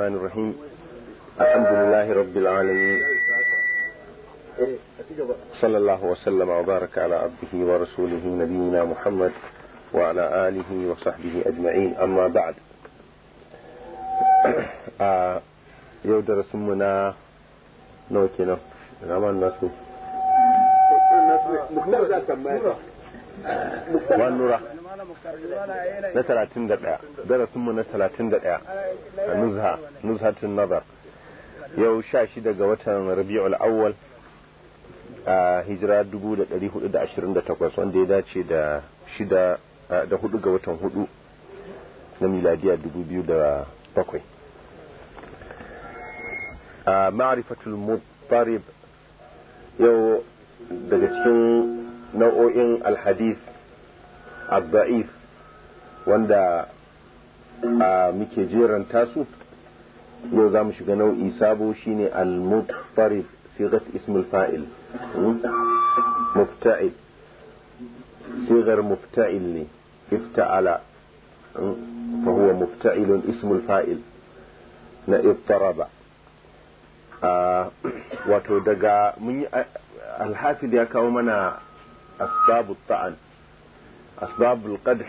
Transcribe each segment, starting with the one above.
الرحمن الرحيم الحمد لله رب العالمين صلى الله وسلم وبارك على عبده ورسوله نبينا محمد وعلى آله وصحبه أجمعين أما بعد آه، يود رسمنا نوكنا نعم الناس ونرى na talatin da ɗaya darasinmu na talatin da ɗaya a nuzha nuzhatun nazar yau sha shida ga watan rabi'ul awwal a hijira takwas wanda ya dace da shida da hudu ga watan hudu na miladiya bakwai a ma'arifatul mutarib yau daga cikin nau'o'in alhadith adda'if wanda a muke jeran tasu yau za mu shiga nau'i sabo shine al-muttarif sigat ismul fa'il mufta'il sigar mufta'il ne ifta'ala fa huwa mufta'ilun ismul fa'il na iftaraba wato daga mun yi alhafiz ya kawo mana asbabu ta'an asbabul qadh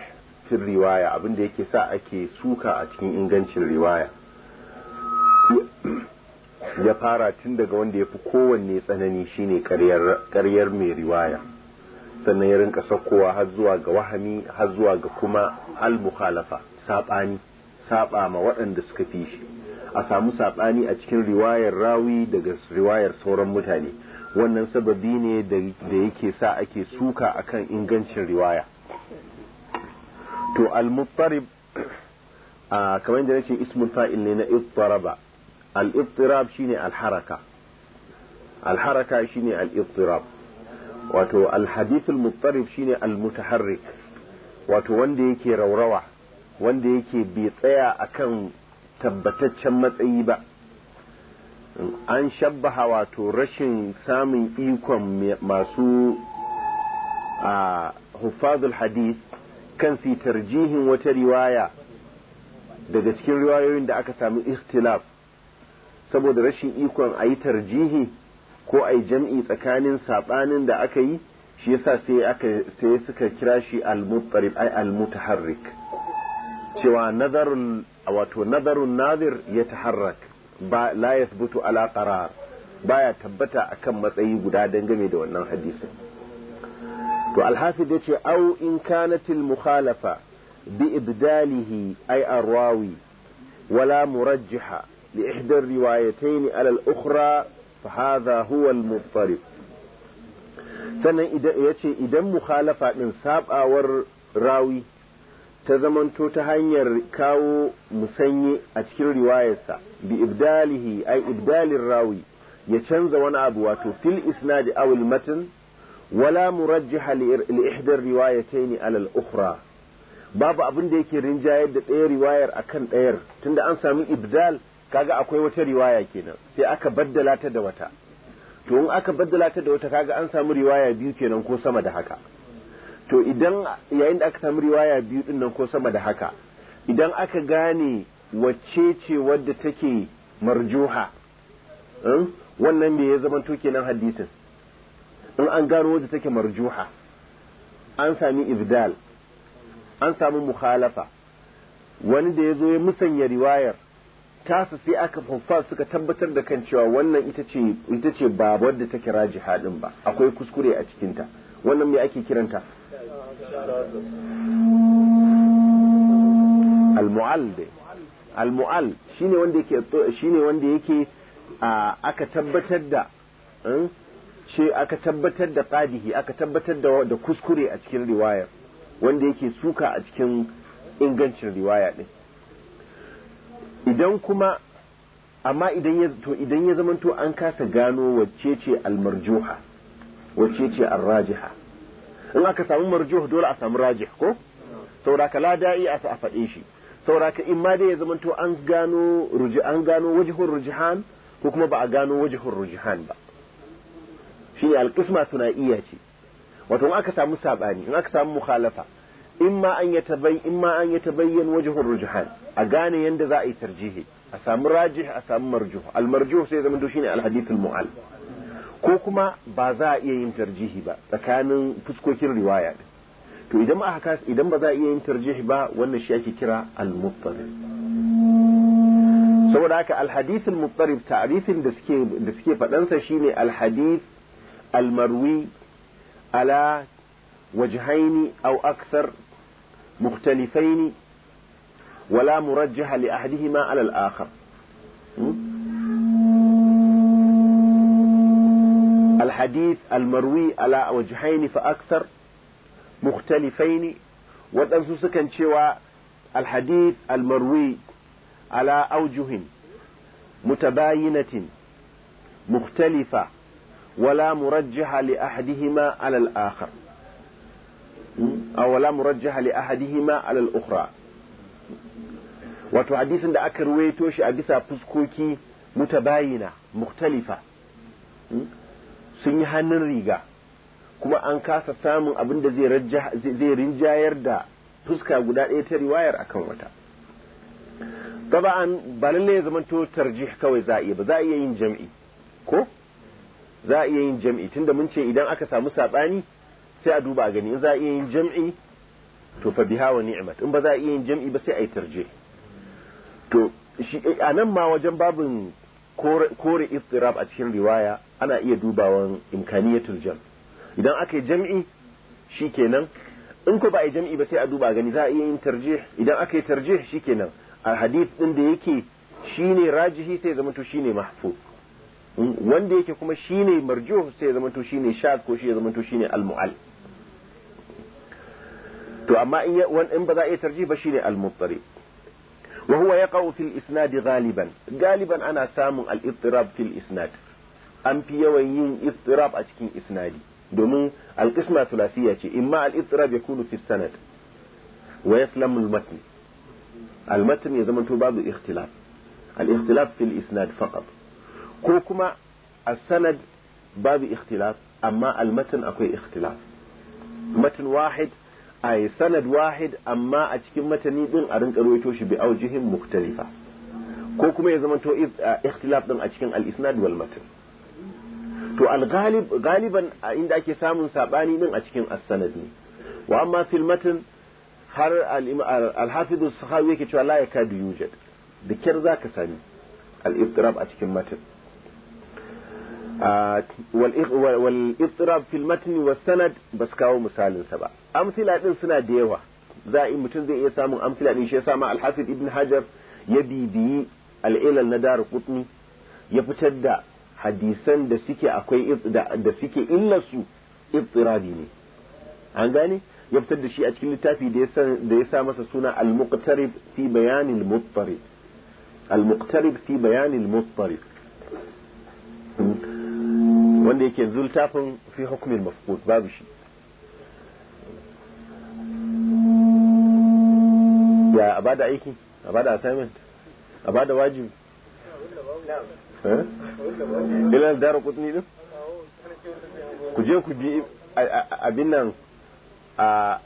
fi riwaya abinda yake sa ake suka a cikin ingancin riwaya ya fara tun daga wanda ya fi kowanne tsanani shine karyar mai riwaya sannan ya rinka sakowa har zuwa ga wahami har zuwa ga kuma al-mukhalafa sabani saba ma waɗanda suka fi shi a samu sabani a cikin riwayar rawi daga riwayar sauran mutane wannan sababi ne da yake sa ake suka akan ingancin riwaya to al-muttarib kamar yadda nace ismul fa'il ne na ittaraba al-ittirab shine al-haraka al-haraka shine al-ittirab wato al-hadith al-muttarib shine al-mutaharrik wato wanda yake raurawa wanda yake bi tsaya akan tabbataccen matsayi ba an shabbaha wato rashin samun ikon masu a huffazul hadith kan su tarjihin wata riwaya daga cikin riwayoyin da aka sami ikhtilaf saboda rashin ikon a yi tarjihi ko a yi jam'i tsakanin saɓanin da aka yi shi yasa sai sai suka kira shi al-muttarib ai al-mutaharrik cewa nazarun wato nazarun nazir ya taharrak ba la yasbutu ala qarar baya tabbata akan matsayi guda dangane da wannan hadisin to alhafiz yace au in kanat mukhalafa bi ibdalihi ay arrawi wala murajjiha li ihda riwayatayn ala al-ukhra fa hadha huwa al-muttarif sannan yace idan mukhalafa din sabawar rawi ta zamanto ta hanyar kawo musanye a cikin riwayarsa bi ibdalihi ay ibdalin rawi ya canza wani abu wato fil isnad aw al-matn wala murajjiha li الروايتين على ala alal ukhra babu abin da yake rinjayar da ɗaya riwayar akan ɗayar tunda an sami ibdal kaga akwai wata riwaya kenan sai aka baddala ta da wata to in aka baddala ta da wata kaga an sami riwaya biyu kenan ko sama da haka to idan yayin da aka samu riwaya biyu din nan ko sama da haka idan aka gane wacce ce wadda take marjuha wannan me ya zama to kenan hadisin in an gano wadda take marjuha an sami ibdal an sami mukhalafa wani da ya zo ya musanya riwayar tasa sai aka fafa suka tabbatar da kan cewa wannan ita ce ba wadda ta kira haɗin ba akwai kuskure a cikinta wannan mai ake kiranta al-mu'al al shine wanda yake shine aka tabbatar da hmm, ce aka tabbatar da qadihi aka tabbatar da da kuskure a cikin riwayar wanda yake suka a cikin ingancin riwaya din idan kuma amma idan ya to idan ya zamanto an kasa gano wacce ce almarjuha wacce ce arrajiha in aka samu marjuh dole a samu rajih ko sauraka la da'i a faɗe shi sauraka in ma dai ya zamanto an gano wajihun gano rujihan ko kuma ba a gano wajihun rujihan ba shine alqisma iya ce wato in aka samu sabani in aka samu mukhalafa ma an yatabayyan imma an yatabayyan wajhur rujhan a gane yanda za a yi tarjihi a samu rajih a samu marjuh al marjuh sai zama dushi shine al hadith al mu'al ko kuma ba za a iya yin tarjihi ba tsakanin fuskokin riwaya din to idan haka idan ba za a iya yin tarjihi ba wannan shi ake kira al muttasil saboda haka alhadithin muttarif ta'rifin da suke da suke fadansa shine alhadith المروي على وجهين أو أكثر مختلفين ولا مرجح لأحدهما على الآخر الحديث المروي على وجهين فأكثر مختلفين waɗansu sukan cewa الحديث المروي على أوجه متباينة مختلفة wala murajjaha li ahadihima ala akhar aw wala murajjaha li ahadihima wato hadisin da aka ruwaito shi a bisa fuskoki mutabayina mukhtalifa sun yi hannun riga kuma an kasa samun abin da zai rinjayar da fuska guda ɗaya ta riwayar akan wata taba'an ba lalle ya zamanto tarjih kawai za iya ba za a iya yin jam'i ko za a iya yin jam'i tunda mun ce idan aka samu saɓani sai a duba gani in za a iya yin jam'i to fa biha wa ni'mat in ba za a iya yin jam'i ba sai a yi tarje to shi eh, a nan ma wajen babin kore istirab a cikin riwaya ana iya dubawan imkaniyatul jam idan aka yi jam'i shi kenan in ko ba a yi jam'i ba sai a duba gani za a iya yin tarje. idan aka yi shi kenan a hadith ɗin da yake shine rajihi sai zama to shine mahfuz wanda yake kuma shine marjuh sai ya zamanto shine shad ko shi ya zamanto shine al-mu'al to amma in in ba za a iya tarji ba shine al-muttari wa huwa yaqa'u fil isnad ghaliban galiban ana samun al-ittirab fil isnad an fi yawan yin ittirab a cikin isnadi domin al-qisma thulathiyya ce imma al-ittirab yakunu fi sanad wa yaslamu al-matn al-matn ya zamanto babu ikhtilaf al-ikhtilaf fil isnad faqat ko kuma a sanad babu ikhtilaf amma almatan akwai ikhtilaf matan wahid a sanad wahid amma a cikin matani din a rinka ruwaito shi bi aujihin muktalifa ko kuma ya zamanto ikhtilaf din a cikin al-isnad wal matan to al-ghalib galiban inda ake samun sabani din a cikin as-sanad ne wa amma fil matan har al-hafiz as-sahawi yake cewa la yakadu yujad da kyar zaka sani al-ibtirab a cikin matan wal ittirab fil matn was sanad kawo misalinsa ba amsila din suna da yawa za a mutum zai iya samun amsila din shi ya ma al ibn hajar ya bibiyi al'ilal na dar qutni ya fitar da hadisan da suke akwai da suke illarsu ittirabi ne an gane ya fitar da shi a cikin littafi da ya sa masa suna al-muqtarib fi bayanil muttarib al-muqtarib fi bayanil muttarib wanda yake zultafin fi hukumin mafukut babu shi ya a bada aiki a bada assignment a bada wajibi eh? ilan dara kutni din ku je ku bi abin nan a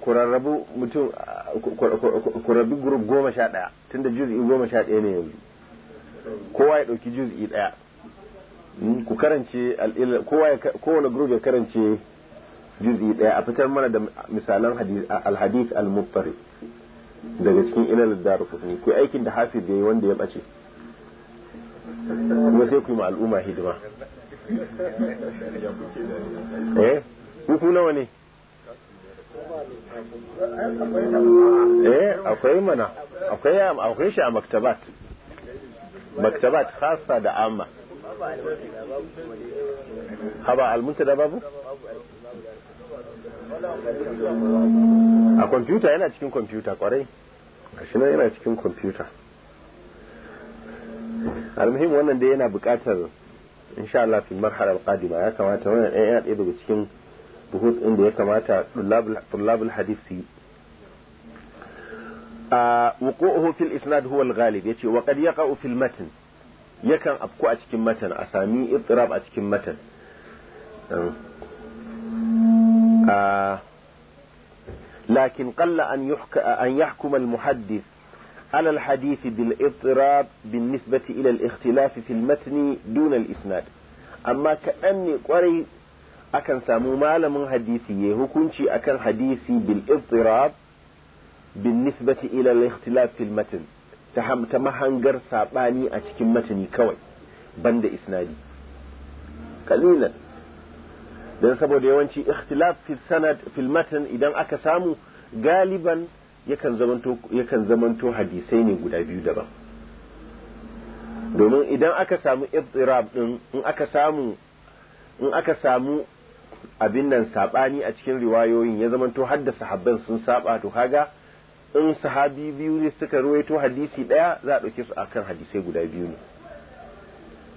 kurarrabu mutum kurarrabu gurub goma sha daya tun da juz'i goma sha daya ne yanzu kowa ya dauki juz'i daya. Hmm, ku karance kowane group ya karance juz'i daya a fitar mana da misalan alhadith al-muftari daga cikin ilal daru kutni ku aikin da da yayi wanda ya bace kuma sai ku yi al'umma hidima eh ku nawa ne eh akwai mana akwai akwai shi a maktabat maktabat khassa da amma haba almuntada babu a kwamfuta yana cikin kwamfuta kwarai shi yana cikin kwamfuta almuhim wannan da yana buƙatar insha Allah fil marhala alqadima ya kamata wannan ɗaya yana ɗaya daga cikin buhut inda ya kamata tullabul hadith su yi a wuqu'uhu fil isnad huwa al-ghalib yace wa qad yaqa'u fil matn yakan afku a cikin matan a sami ibtirab a cikin matan ah. lakin qalla an yuhka على الحديث بالاضطراب بالنسبة إلى الاختلاف في المتن دون الإسناد أما كأني قري أكن سامو مالا من حديثي كنتي أكن حديثي بالاضطراب بالنسبة إلى الاختلاف في المتن ta mahangar saɓani a cikin matani kawai banda isnadi kalilan don saboda yawanci ikhtilaf fil sanad fil matan idan aka samu galiban yakan zamanto yakan zamanto hadisai ne guda biyu daban domin idan aka samu ibtirab din in aka samu in aka samu abin nan sabani a cikin riwayoyin ya zamanto haddasa sahabban sun saba to kaga in sahabi biyu ne suka ruwaito hadisi daya za a ɗauke su kan hadisai guda biyu ne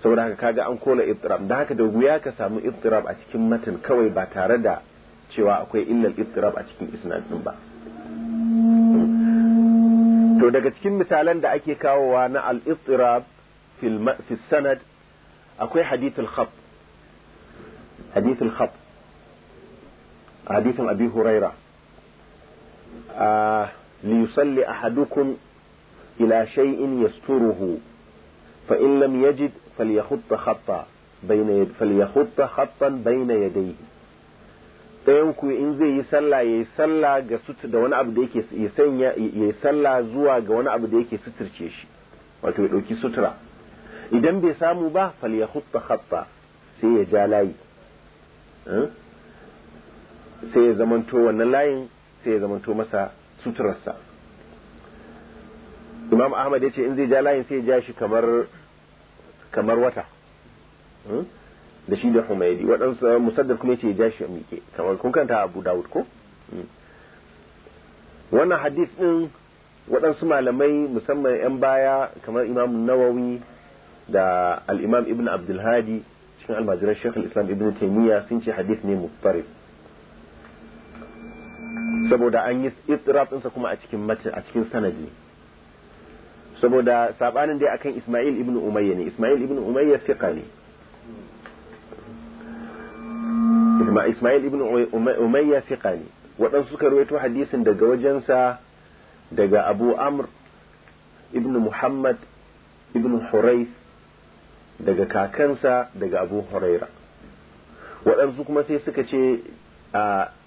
saboda haka kaga an kona iftirab da haka da wuya ka samu iftirab a cikin matan kawai ba tare da cewa akwai illal iftirab a cikin isnad ba to daga cikin misalan da ake kawowa na al ittirab fi sanad akwai hadithul khab hadithul khab hadithin abi huraira ah, ليصلي أحدكم إلى شيء يستره فإن لم يجد فليخط خطا بين يد فليخط خطا بين يديه ɗayanku in zai yi sallah ya yi sallah ga sutur da wani abu da yake ya sanya ya yi sallah zuwa ga wani abu da yake suturce shi wato ya ɗauki sutura idan bai samu ba fal ya hutta hatta sai ya ja layi sai ya zamanto wannan layin sai ya zamanto masa suturarsa imam ahmad ya ce in zai ja layin sai ya ja shi kamar kamar wata hmm? da shi da humaydi waɗansu musaddar kuma ce ya ja shi a miƙe kamar kun kanta abu dawud ko hmm. wannan hadith ɗin waɗansu malamai musamman 'yan baya kamar imam nawawi da al'imam ibn abdulhadi cikin almajirar shekul islam ibn taimiyya sun ce hadith ne mufarif saboda an yi istirab ɗinsa kuma a cikin matin a cikin sanadi saboda sabanin dai akan Ismail ibn Umayya ne Ismail ibn Umayya fiqa ne Ismail ibn Umayya fiqa ne waɗansu suka rawaito hadisin daga wajensa daga Abu Amr ibn Muhammad ibn Hurayth daga kakansa daga Abu Huraira waɗansu kuma sai suka ce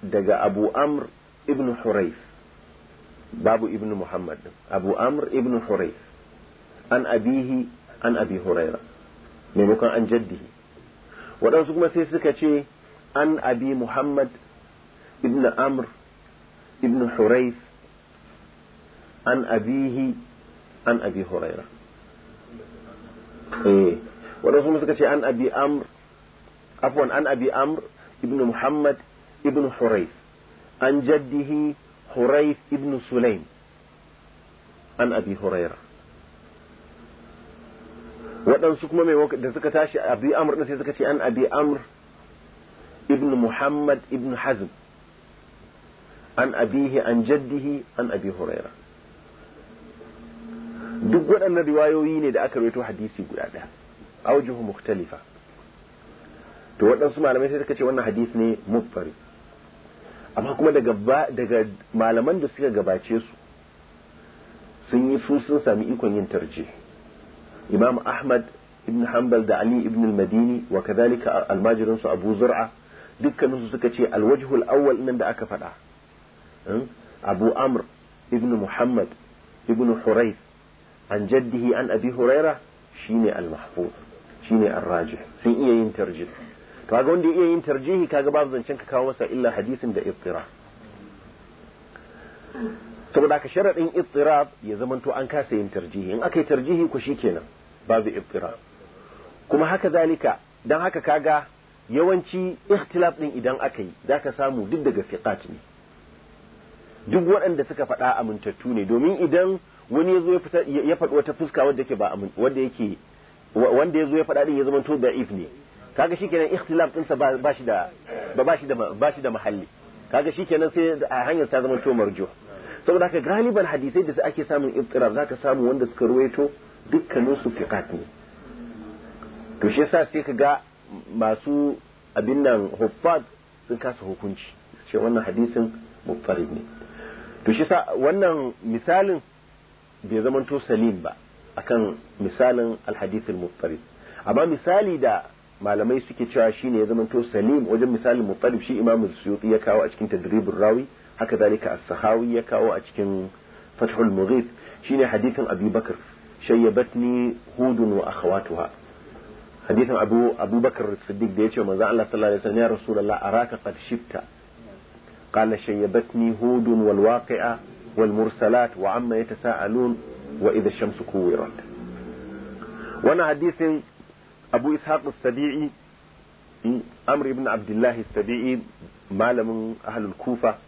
daga Abu Amr ibn hurayf babu ibn muhammad abu amr ibn hurayf an abihi an abi huraira maimakon an jaddihi waɗansu kuma sai suka ce an abi muhammad ibn amr ibn hurayf an abihi an abi huraira eh waɗansu kuma suka ce an abi amr afwan an abi amr ibn muhammad ibn hurayf عن جده حريث ابن سليم عن أبي هريرة waɗansu kuma da suka tashi abi amr ɗin suka ce an abi amr ibn muhammad ibn hazm an abihi an an abi huraira duk waɗannan riwayoyi ne da aka rawaito hadisi guda ɗaya aujuhu mukhtalifa to waɗansu malamai sai suka ce wannan hadisi ne mubfari amma kuma daga malaman da suka gabace su sun yi su sun sami ikon yin tarje imam ahmad ibn hanbal da ali ibn al-madini wa kadhalika almajirin su abu zur'a dukkanin su suka ce alwajhul awwal nan da aka faɗa hmm? abu amr ibn muhammad ibn hurayth an jaddihi an abi huraira shine al-mahfuz shine ar-rajih sun iya yin tarjih kaga wanda iya yin tarjihi kaga babu zancen ka kawo masa illa hadisin da iftira saboda ka sharadin iftira ya zamanto an kasa yin tarjihi in aka yi tarjihi ku shikenan babu iftira kuma haka zalika dan haka kaga yawanci ikhtilaf din idan aka yi zaka samu duk daga fiqat ne duk waɗanda suka faɗa amintattu ne domin idan wani ya zo ya faɗi wata fuska wadda yake ba wanda yake wanda ya zo ya faɗa din ya zamanto da'if ne kaga shikenan ikhtilaf sa ba shi da ba shi da ba shi da mahalli kaga shikenan sai a hanyar ta zama to marjo saboda haka galiban hadisai da ake samun ibtirar zaka samu wanda suka ruwaito dukkanin su fiqat ne to shi yasa sai kaga masu abin nan huffaz sun kasa hukunci sai wannan hadisin mufarid ne to shi yasa wannan misalin bai zamanto salim ba akan misalin alhadith al amma misali da malamai suke cewa shine ya zamanto salim wajen misalin mutalib shi imam suyuti ya kawo a cikin tadribur rawi haka zalika as-sahawi ya kawo a cikin fathul mughith shine hadithin abi bakr shayyabatni hudun wa akhawatuha hadithin abu Abu abubakar siddiq da yace manzo Allah sallallahu alaihi wasallam ya rasulullah araka qad shifta qala shayyabatni hudun wal waqi'a wal mursalat wa amma yatasaalun wa idha ash-shamsu kuwirat wannan hadisin abu ishaq as-sabi'i amr ibn abdullahi as-sabi'i malamin ahlul kufa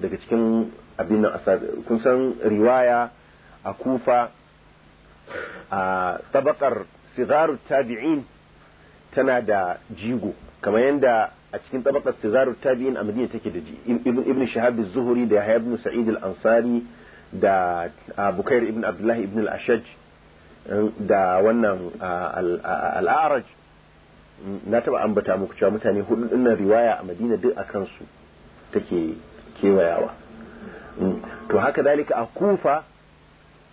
daga cikin abin kun san riwaya a kufa a tabakar sigaru tabi'in tana da jigo kamar yadda a cikin tabakar sigaru tabi'in a madina take da ibn shahab zuhuri da yahya ibn sa'id al-ansari da bukair ibn abdullahi ibn al-ashaj da wannan al'araj na taba ambata muku cewa mutane hudu dinnan riwaya a madina duk a kansu take kewayawa mm. to haka dalika a kufa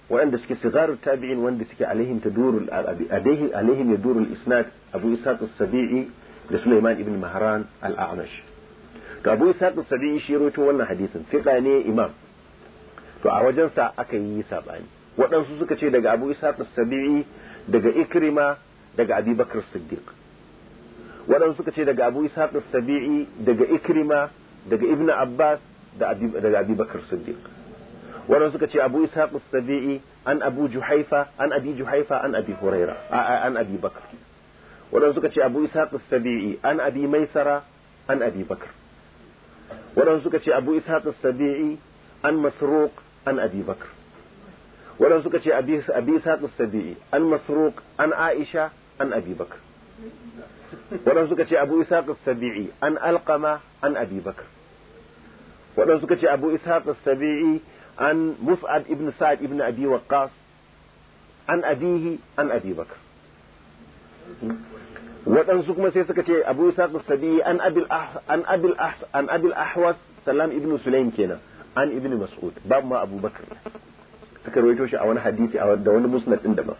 waɗanda suke sigarar tabi'in wanda suke alaihim ta durul alaihim ya durul isnad abu isaq as-sabi'i da sulaiman ibn mahran al-a'mash to abu isaq as-sabi'i shi rawaito wannan hadisin fiqa ne imam to a wajensa aka yi sabani waɗansu suka ce daga abu isa sabi'i daga ikrima daga abubakar siddiq waɗansu suka ce daga abu isa sabi'i daga ikrima daga ibn abbas daga abubakar siddiq waɗansu suka ce abu isa sabi'i an abu juhaifa an abi juhaifa an abi huraira an abi bakar waɗansu suka ce abu isa sabi'i an abi maisara an abi bakar waɗansu suka ce abu isa sabi'i an masruq an abi bakar waɗansu suka ce abi saqis sabi'i an masruq an aisha an abi bakr waɗansu suka ce abu isaq sabi'i an alqama an abi bakr waɗansu suka ce abu isaq sabi'i an mus'ab ibn sa'ad ibn abi waqqas an abihi an abi bakr waɗansu kuma sai suka ce abu isaq sabi'i an abil ah, an ah, ahwas salam ibn sulaim kenan an ibn mas'ud babu ma abubakar suka rawaito shi a wani hadisi a da wani musnad din daban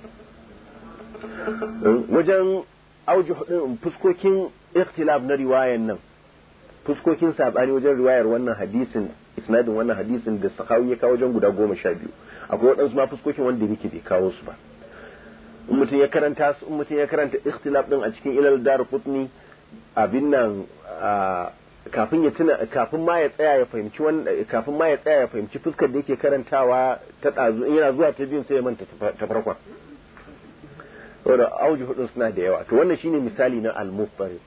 wajen auji fuskokin ikhtilaf na riwayar nan fuskokin sabani wajen riwayar wannan hadisin isnadin wannan hadisin da sahawi ya kawo wajen guda goma sha biyu akwai waɗansu ma fuskokin wanda yake bai kawo su ba in mutum ya karanta su in mutum ya karanta ikhtilaf din a cikin ilal dar qutni abin nan kafin ya tuna kafin ma ya tsaya ya fahimci wannan kafin ma ya tsaya ya fahimci fuskar da yake karantawa ta dazu yana zuwa ta biyun sai ya manta ta farkon saboda auji hudun suna da yawa to wannan shine misali na al mufari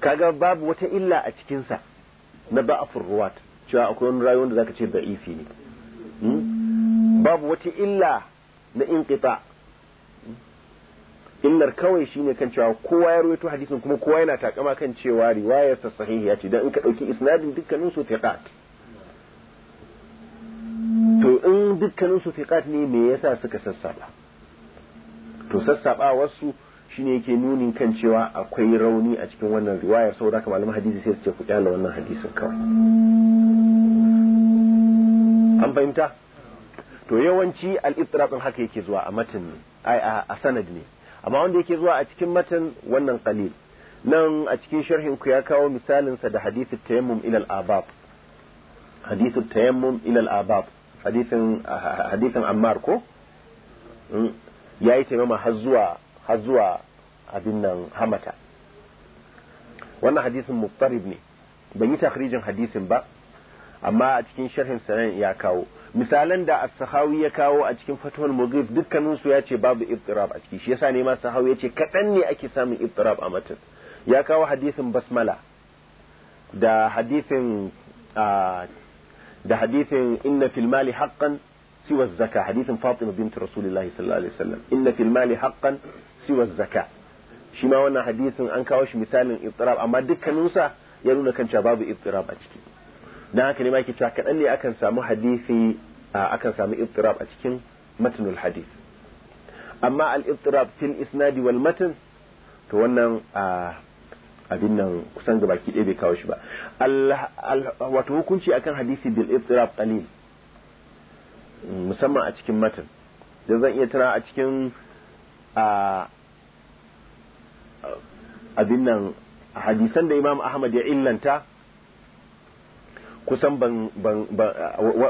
kaga babu wata illa a cikin sa na ba'afur ruwat cewa akwai wani rayuwar da zaka ce da'ifi ne hmm? babu wata illa na inqita' illar kawai shine kan cewa kowa ya rawaito hadisin kuma kowa yana takama kan cewa riwayar sahihi ya ce dan in ka dauki isnadin dukkanin su fiqat to in dukkanin su fiqat ne me yasa suka sassaba to sassaba wasu shine yake nunin kan cewa akwai rauni a cikin wannan riwaya saboda haka malaman hadisi sai su ce ku kyale wannan hadisin kawai an fahimta to yawanci al haka yake zuwa a matan a sanad ne amma wanda yake zuwa a cikin matan wannan qalil nan a cikin sharhin ku ya kawo misalin sa da hadithu tayammum ila al-abab hadithu tayammum ila al-abab hadithin hadithin ammar ko hmm? yayi tayammum har zuwa har zuwa abin nan hamata wannan hadisin muqtarib ne ban yi takhrijin hadisin ba amma a cikin sharhin sanan ya kawo misalan da as-sahawi ya kawo a cikin fatwal mughif dukkanin su yace babu ibtirab a ciki shi yasa ne ma sahawi yace kadan ne ake samun ibtirab a matan ya kawo hadisin basmala da hadisin da hadisin inna fil mali haqqan siwa zaka hadisin fatima bint rasulullahi sallallahu alaihi wasallam inna fil mali haqqan siwa zaka shi ma wannan hadisin an kawo shi misalin ibtirab amma dukkanin sa ya nuna kan babu ibtirab a ciki dan haka ne ma yake cewa kaɗan ne akan samu hadisi akan samu iftirab a cikin matnul hadis amma al iftirab fil isnadi wal matn to wannan abin nan kusan ga baki ɗaya bai kawo shi ba wato hukunci akan hadisi bil iftirab qalil musamman a cikin matan da zan iya tana a cikin abin nan hadisan da imam ahmad ya illanta kusan ban ban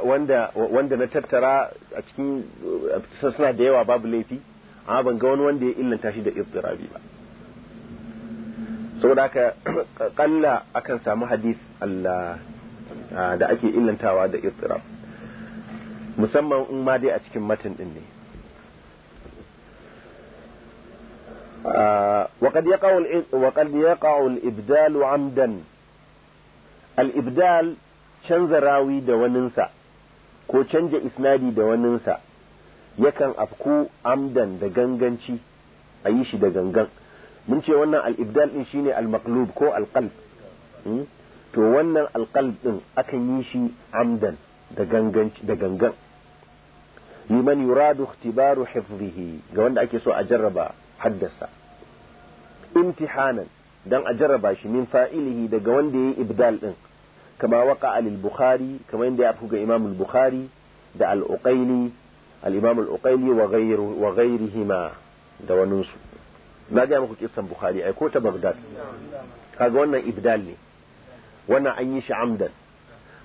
wanda wanda na tattara a cikin suna da yawa babu laifi amma ban ga wani wanda ya illanta shi da iftirabi ba saboda haka kalla akan samu hadith Allah da ake illantawa da iftirab musamman in ma dai a cikin matan din ne وقد يقع وقد يقع الابدال عمدا الابدال canza rawi da waninsa ko canja isnadi da waninsa yakan afku amdan da ganganci a yi shi da gangan mun ce wannan al'ibdal ibdal din shine al-maqlub ko al-qalb hmm? to wannan al-qalb din akan yi shi amdan da ganganci da gangan liman yuradu ikhtibaru hifzihi ga wanda ake so a jarraba haddasa imtihanan dan a jarraba shi min fa'ilihi daga wanda yayi ibdal din kama waka alil bukhari kamar inda ya fi ga imam bukhari da al-uqaili al-imam al-uqaili wa da wani su na ga muku kissan bukhari ai ko ta bagdad kaga wannan ibdal ne wannan an yi shi amdan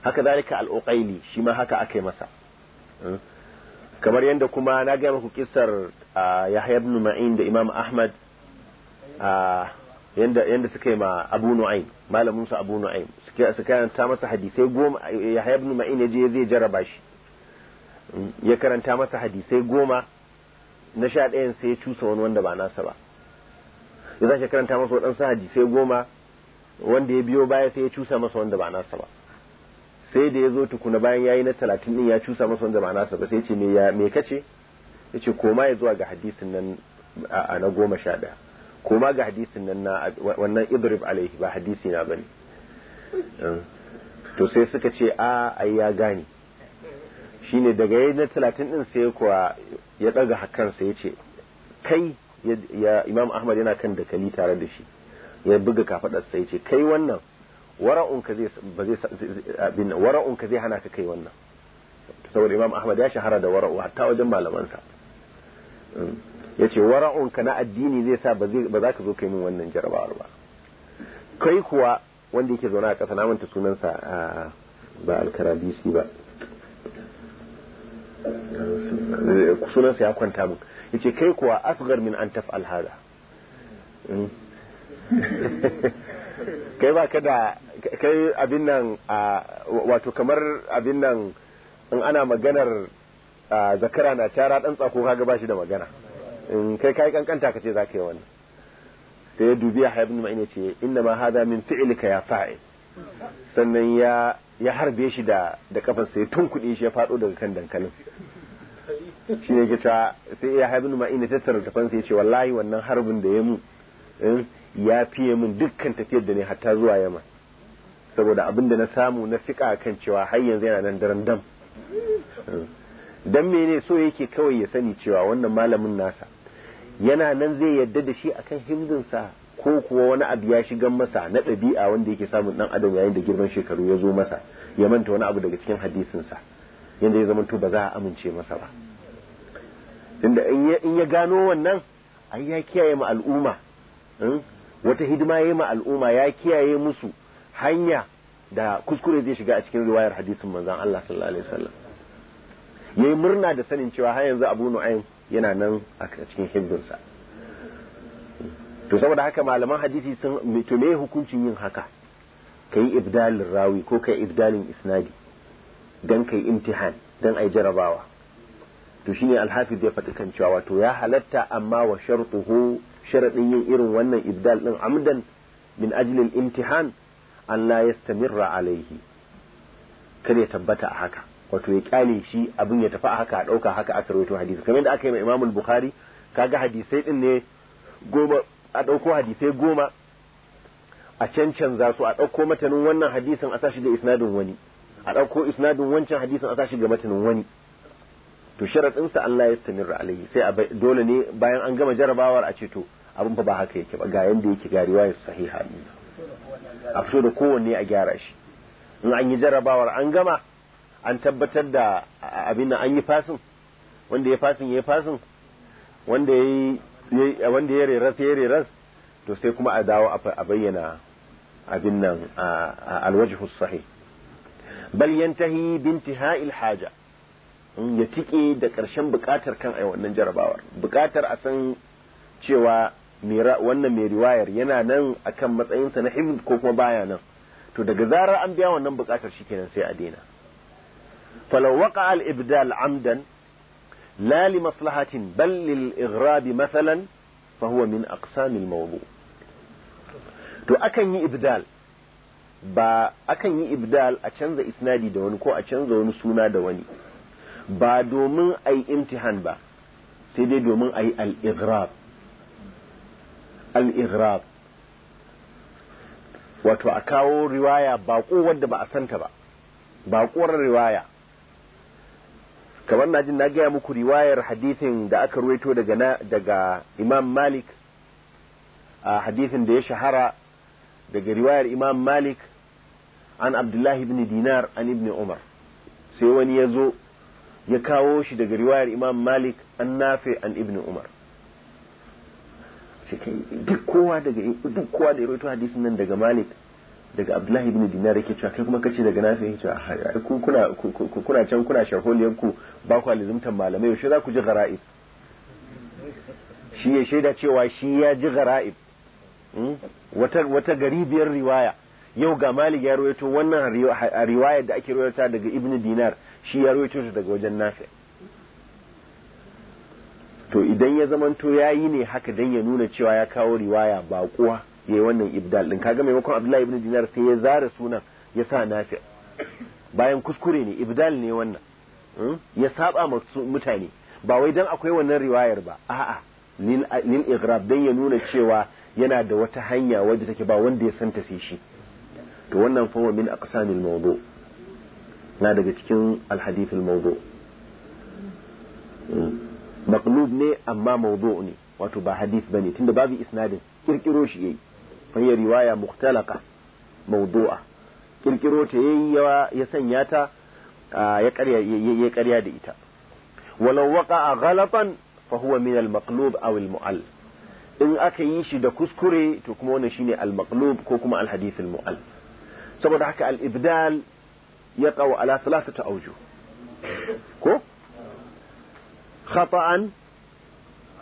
haka zalika al-uqaili shi ma haka yi masa kamar yadda kuma na ga muku kissar yahya ibn ma'in da imam ahmad a yanda yanda suka yi ma Abu Nu'aym malamin su Abu Nu'aym suka suka karanta masa hadisai goma Yahya ibn Ma'in yaje zai jaraba shi ya karanta masa hadisai goma na sha ɗayan sai ya cusa wani wanda ba nasa ba ya zai karanta masa waɗansu hadisai goma wanda ya biyo baya sai ya cusa masa wanda ba nasa ba sai da ya zo tukuna bayan yayi na talatin din ya cusa masa wanda ba nasa ba sai ya ce me kace ya ce koma ya zuwa ga hadisin nan a na goma sha ɗaya ma ga hadisin nan na wannan idrib alaihi ba hadisi na bane eh. to sai suka ce a ai ya gane shine daga yayin na 30 din sai kuwa ya daga ya yace kai ya imam ahmad yana kan dakali tare da shi ya buga kafadar sai yace kai wannan wara'un ka zai ba zai abin wara'un ka zai hana ka kai wannan saboda imam ahmad ya shahara da wara'u hatta wajen malamansa eh. yace wara'unka na addini zai sa ba za ka zo kai min wannan jarabawar ba kai kuwa wanda yake zaune a ƙasa na manta sunansa ba alkarabisi ba sunansa ya kwanta mun yace kai kuwa asgar min an tafi alhada hmm? kai ba ka da kai abin nan wato kamar abin nan in ana maganar zakara na tara ɗan tsako kaga bashi da magana kai kai kankanta kace zaka yi wannan sai ya dubi ya ibn ma'in ce inna ma hada min fi'lika ya fa'i sannan ya harbe shi da da kafarsa ya kuɗi shi ya fado daga kan dankalin shi ne gita sai ya haibin ma'ina tattara da ya ce wallahi wannan harbin da ya mu eh, ya fiye min dukkan tafiyar da ne hatta zuwa yamma saboda abin da na samu na fiƙa kan cewa har yanzu yana nan daren dam eh. dan mene so yake kawai ya sani cewa wannan malamin nasa yana nan zai yadda da shi akan himzinsa ko kuwa wani abu ya shiga masa na ɗabi'a wanda yake samun ɗan adam yayin da girman shekaru ya zo masa ya manta wani abu daga cikin hadisinsa yadda ya zama to ba za a amince masa ba tunda in ya gano wannan ai ya kiyaye ma al'umma hmm? wata hidima ya ma al'umma ya kiyaye musu hanya da kuskure zai shiga a cikin riwayar hadisin manzon Allah sallallahu alaihi wasallam yayi murna da sanin cewa har yanzu Abu Nu'aym yana nan a cikin hibdinsa to saboda haka malaman hadisi sun to me hukuncin yin haka kai ibdalin rawi ko kai ibdalin isnadi dan kai imtihan dan ai jarabawa to shine alhafiz ya faɗi kan cewa wato ya halatta amma wa shartuhu sharadin yin irin wannan ibdal ɗin amdan min ajilin imtihan an la yastamirra alaihi kada ya tabbata a haka wato ya kyale shi abin ya tafi haka a ɗauka haka aka rawaito hadisi kamar da aka yi ma imamul bukhari kaga hadisai din ne goma a ɗauko hadisai goma a za su a ɗauko matanin wannan hadisin a sashi ga isnadin wani a ɗauko isnadin wancan hadisin a sashi ga matanin wani to sa Allah ya sanin alaihi sai a dole ne bayan an gama jarabawar a ce to abin fa ba haka yake ba ga yanda yake ga riwayar sahiha a fito da kowanne a gyara shi in an yi jarabawar an gama an tabbatar da abin an yi fasin wanda ya fasin ya yi fasin wanda ya wanda ya reras ya reras to sai kuma a dawo a bayyana abin nan alwaji hussahi bal Binti ha'il haja ya tike da ƙarshen buƙatar kan a wannan jarabawar buƙatar a san cewa wannan mai riwayar yana nan akan matsayinsa na hibd ko kuma baya nan to daga zarar an biya wannan buƙatar kenan sai a daina فلو وقع الإبدال عمدا لا لمصلحة بل للإغراب مثلا فهو من أقسام الموضوع to akan yi ibdal ba akan yi ibdal a canza isnadi da wani ko a canza wani suna da wani ba domin a yi imtihan ba sai dai domin a yi wato a kawo riwaya baƙo wadda ba a santa ba baƙuwar riwaya kamar na jin na gaya muku riwayar hadithin da aka ruwaito daga daga imam malik a hadithin da ya shahara daga riwayar imam malik an abdullahi ibn dinar an ibn umar sai wani ya zo ya kawo shi daga riwayar imam malik an nafe an ibn umar duk kowa da ya ruwaito hadisin nan daga malik daga abdullahi bin dinar yake cewa kai kuma kace daga nafi yake cewa ku kuna kuna can kuna sharholiyan ku ba ku alizumtan malamai yaushe za ku ji gara'ib shi ya shaida cewa shi ya ji gara'ib hmm? wata wata garibiyar riwaya yau ga malik ya rawaito wannan riwayar da ake rawaita daga ibn dinar shi ya rawaito ta daga wajen nafi to idan ya zamanto yayi ne haka dan ya nuna cewa ya kawo riwaya ba kuwa yi wannan ibdal din kaga maimakon abdullahi ibn dinar sai ya zara sunan ya sa nafi bayan kuskure ne ibdal ne wannan hmm? ya saba ma mutane ba wai dan akwai wannan riwayar ba a'a lil igrab dan ya nuna cewa yana da wata hanya wadda take ba wanda ya santa sai shi to wannan fa min aqsamil mawdu na daga cikin alhadith almawdu hmm. maqlub ne amma mawdu ne wato ba hadith bane tunda babu isnadin kirkiro shi yayi fahiyar riwaya mukhtalaka mawdu'a kirkiro ta yayi ya sanya ta ya karya ya karya da ita walau waqa'a ghalatan fa huwa min al-maqlub aw al-mu'all in aka yi shi da kuskure to kuma wannan shine al-maqlub ko kuma al-hadith al-mu'all saboda haka al-ibdal yaqa'u ala thalathati awjuh ko khata'an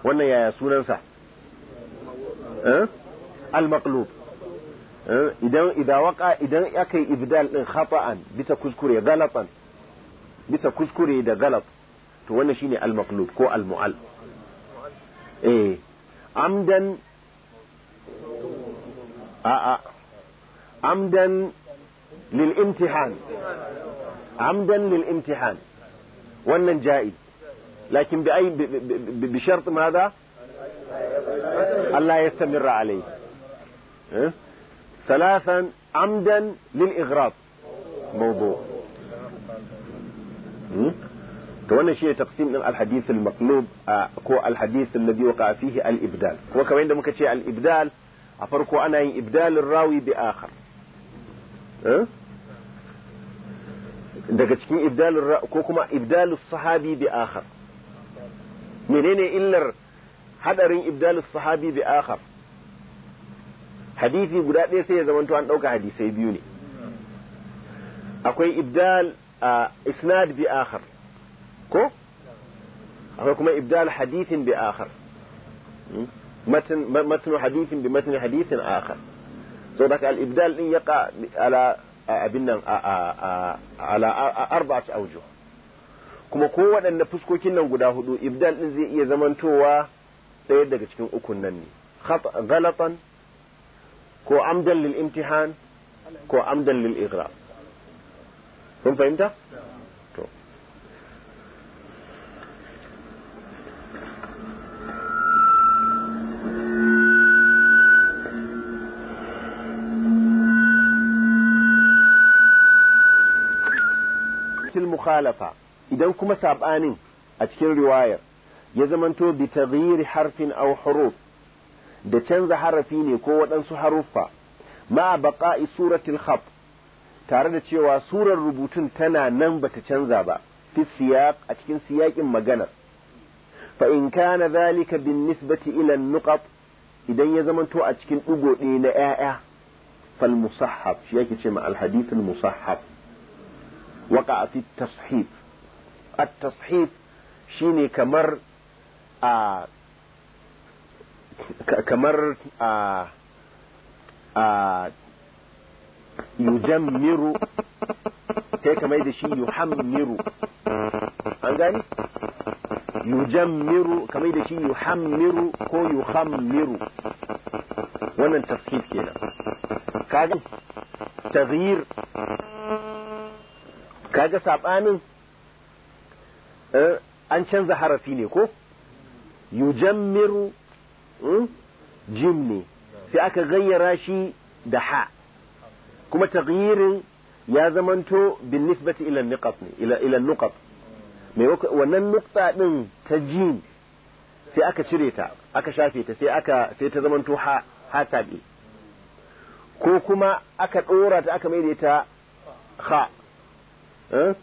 wannan yaya sunansa eh al-maqlub idan idan waka idan akai ibdal din khata'an bisa kuskure galatan bisa kuskure da galat to wannan shine al-maqlub ko al-mu'al eh amdan a'a amdan lil imtihan amdan lil imtihan wannan ja'id lakin bi ay bi shart ماذا Allah ya stamirra alayhi إيه؟ ثلاثا عمدا للإغراض موضوع تونا شيء تقسيم الحديث المقلوب هو آه، الحديث الذي وقع فيه الإبدال وكما عندما كتشي الإبدال افركو أنا إبدال الراوي بآخر عندما إيه؟ كتشي إبدال الراوي كما إبدال الصحابي بآخر منين إلا هذا إبدال الصحابي بآخر hadisi guda ɗaya sai ya zamanto an ɗauka hadisai biyu ne akwai ibdal a isnad bi akhar ko akwai kuma ibdal hadithin bi akhar hmm? matan hadithin bi matan hadithin akhar so da al ibdal din yaqa ala abin nan ala arba'at awjuh kuma ko waɗanne fuskokin nan guda hudu ibdal din zai iya zamantowa tsaye daga cikin ukun nan ne ghalatan كو عمدا للامتحان كو عمدا للإغراء هم فهمت؟ طيب. المخالفة إذا كما سابقاني أتكين رواية يزمنتو بتغيير حرف أو حروف da canza harafi ne ko waɗansu haruffa ma baƙa'i suratul khaf tare da cewa surar rubutun tana nan bata canza ba fi siyaq a cikin siyaƙin magana. fa in kana zalika bin nisbati ila nuqat idan ya zamanto a cikin ɗigo ɗaya na ƴaƴa fal musahhaf shi yake ce ma al hadith al a fi tashif at tashif shine kamar a kamar a a yujammiru kai kamar da shi yuhammiru an gani yujammiru kamar da shi yuhammiru ko yuhammiru wannan tafsir kenan kaga taghyir kaga sabanin eh, an canza harafi ne ko yujammiru Hmm? jim ne sai aka gayyara shi da ha kuma taghyirin ya zamanto bin nisbati ila niqat ne ila ila nuqat mai wannan nukta din ta jim sai aka cire ta aka shafe ta sai aka sai ta zamanto ha ha ko kuma aka dora ta aka maida ta ha eh?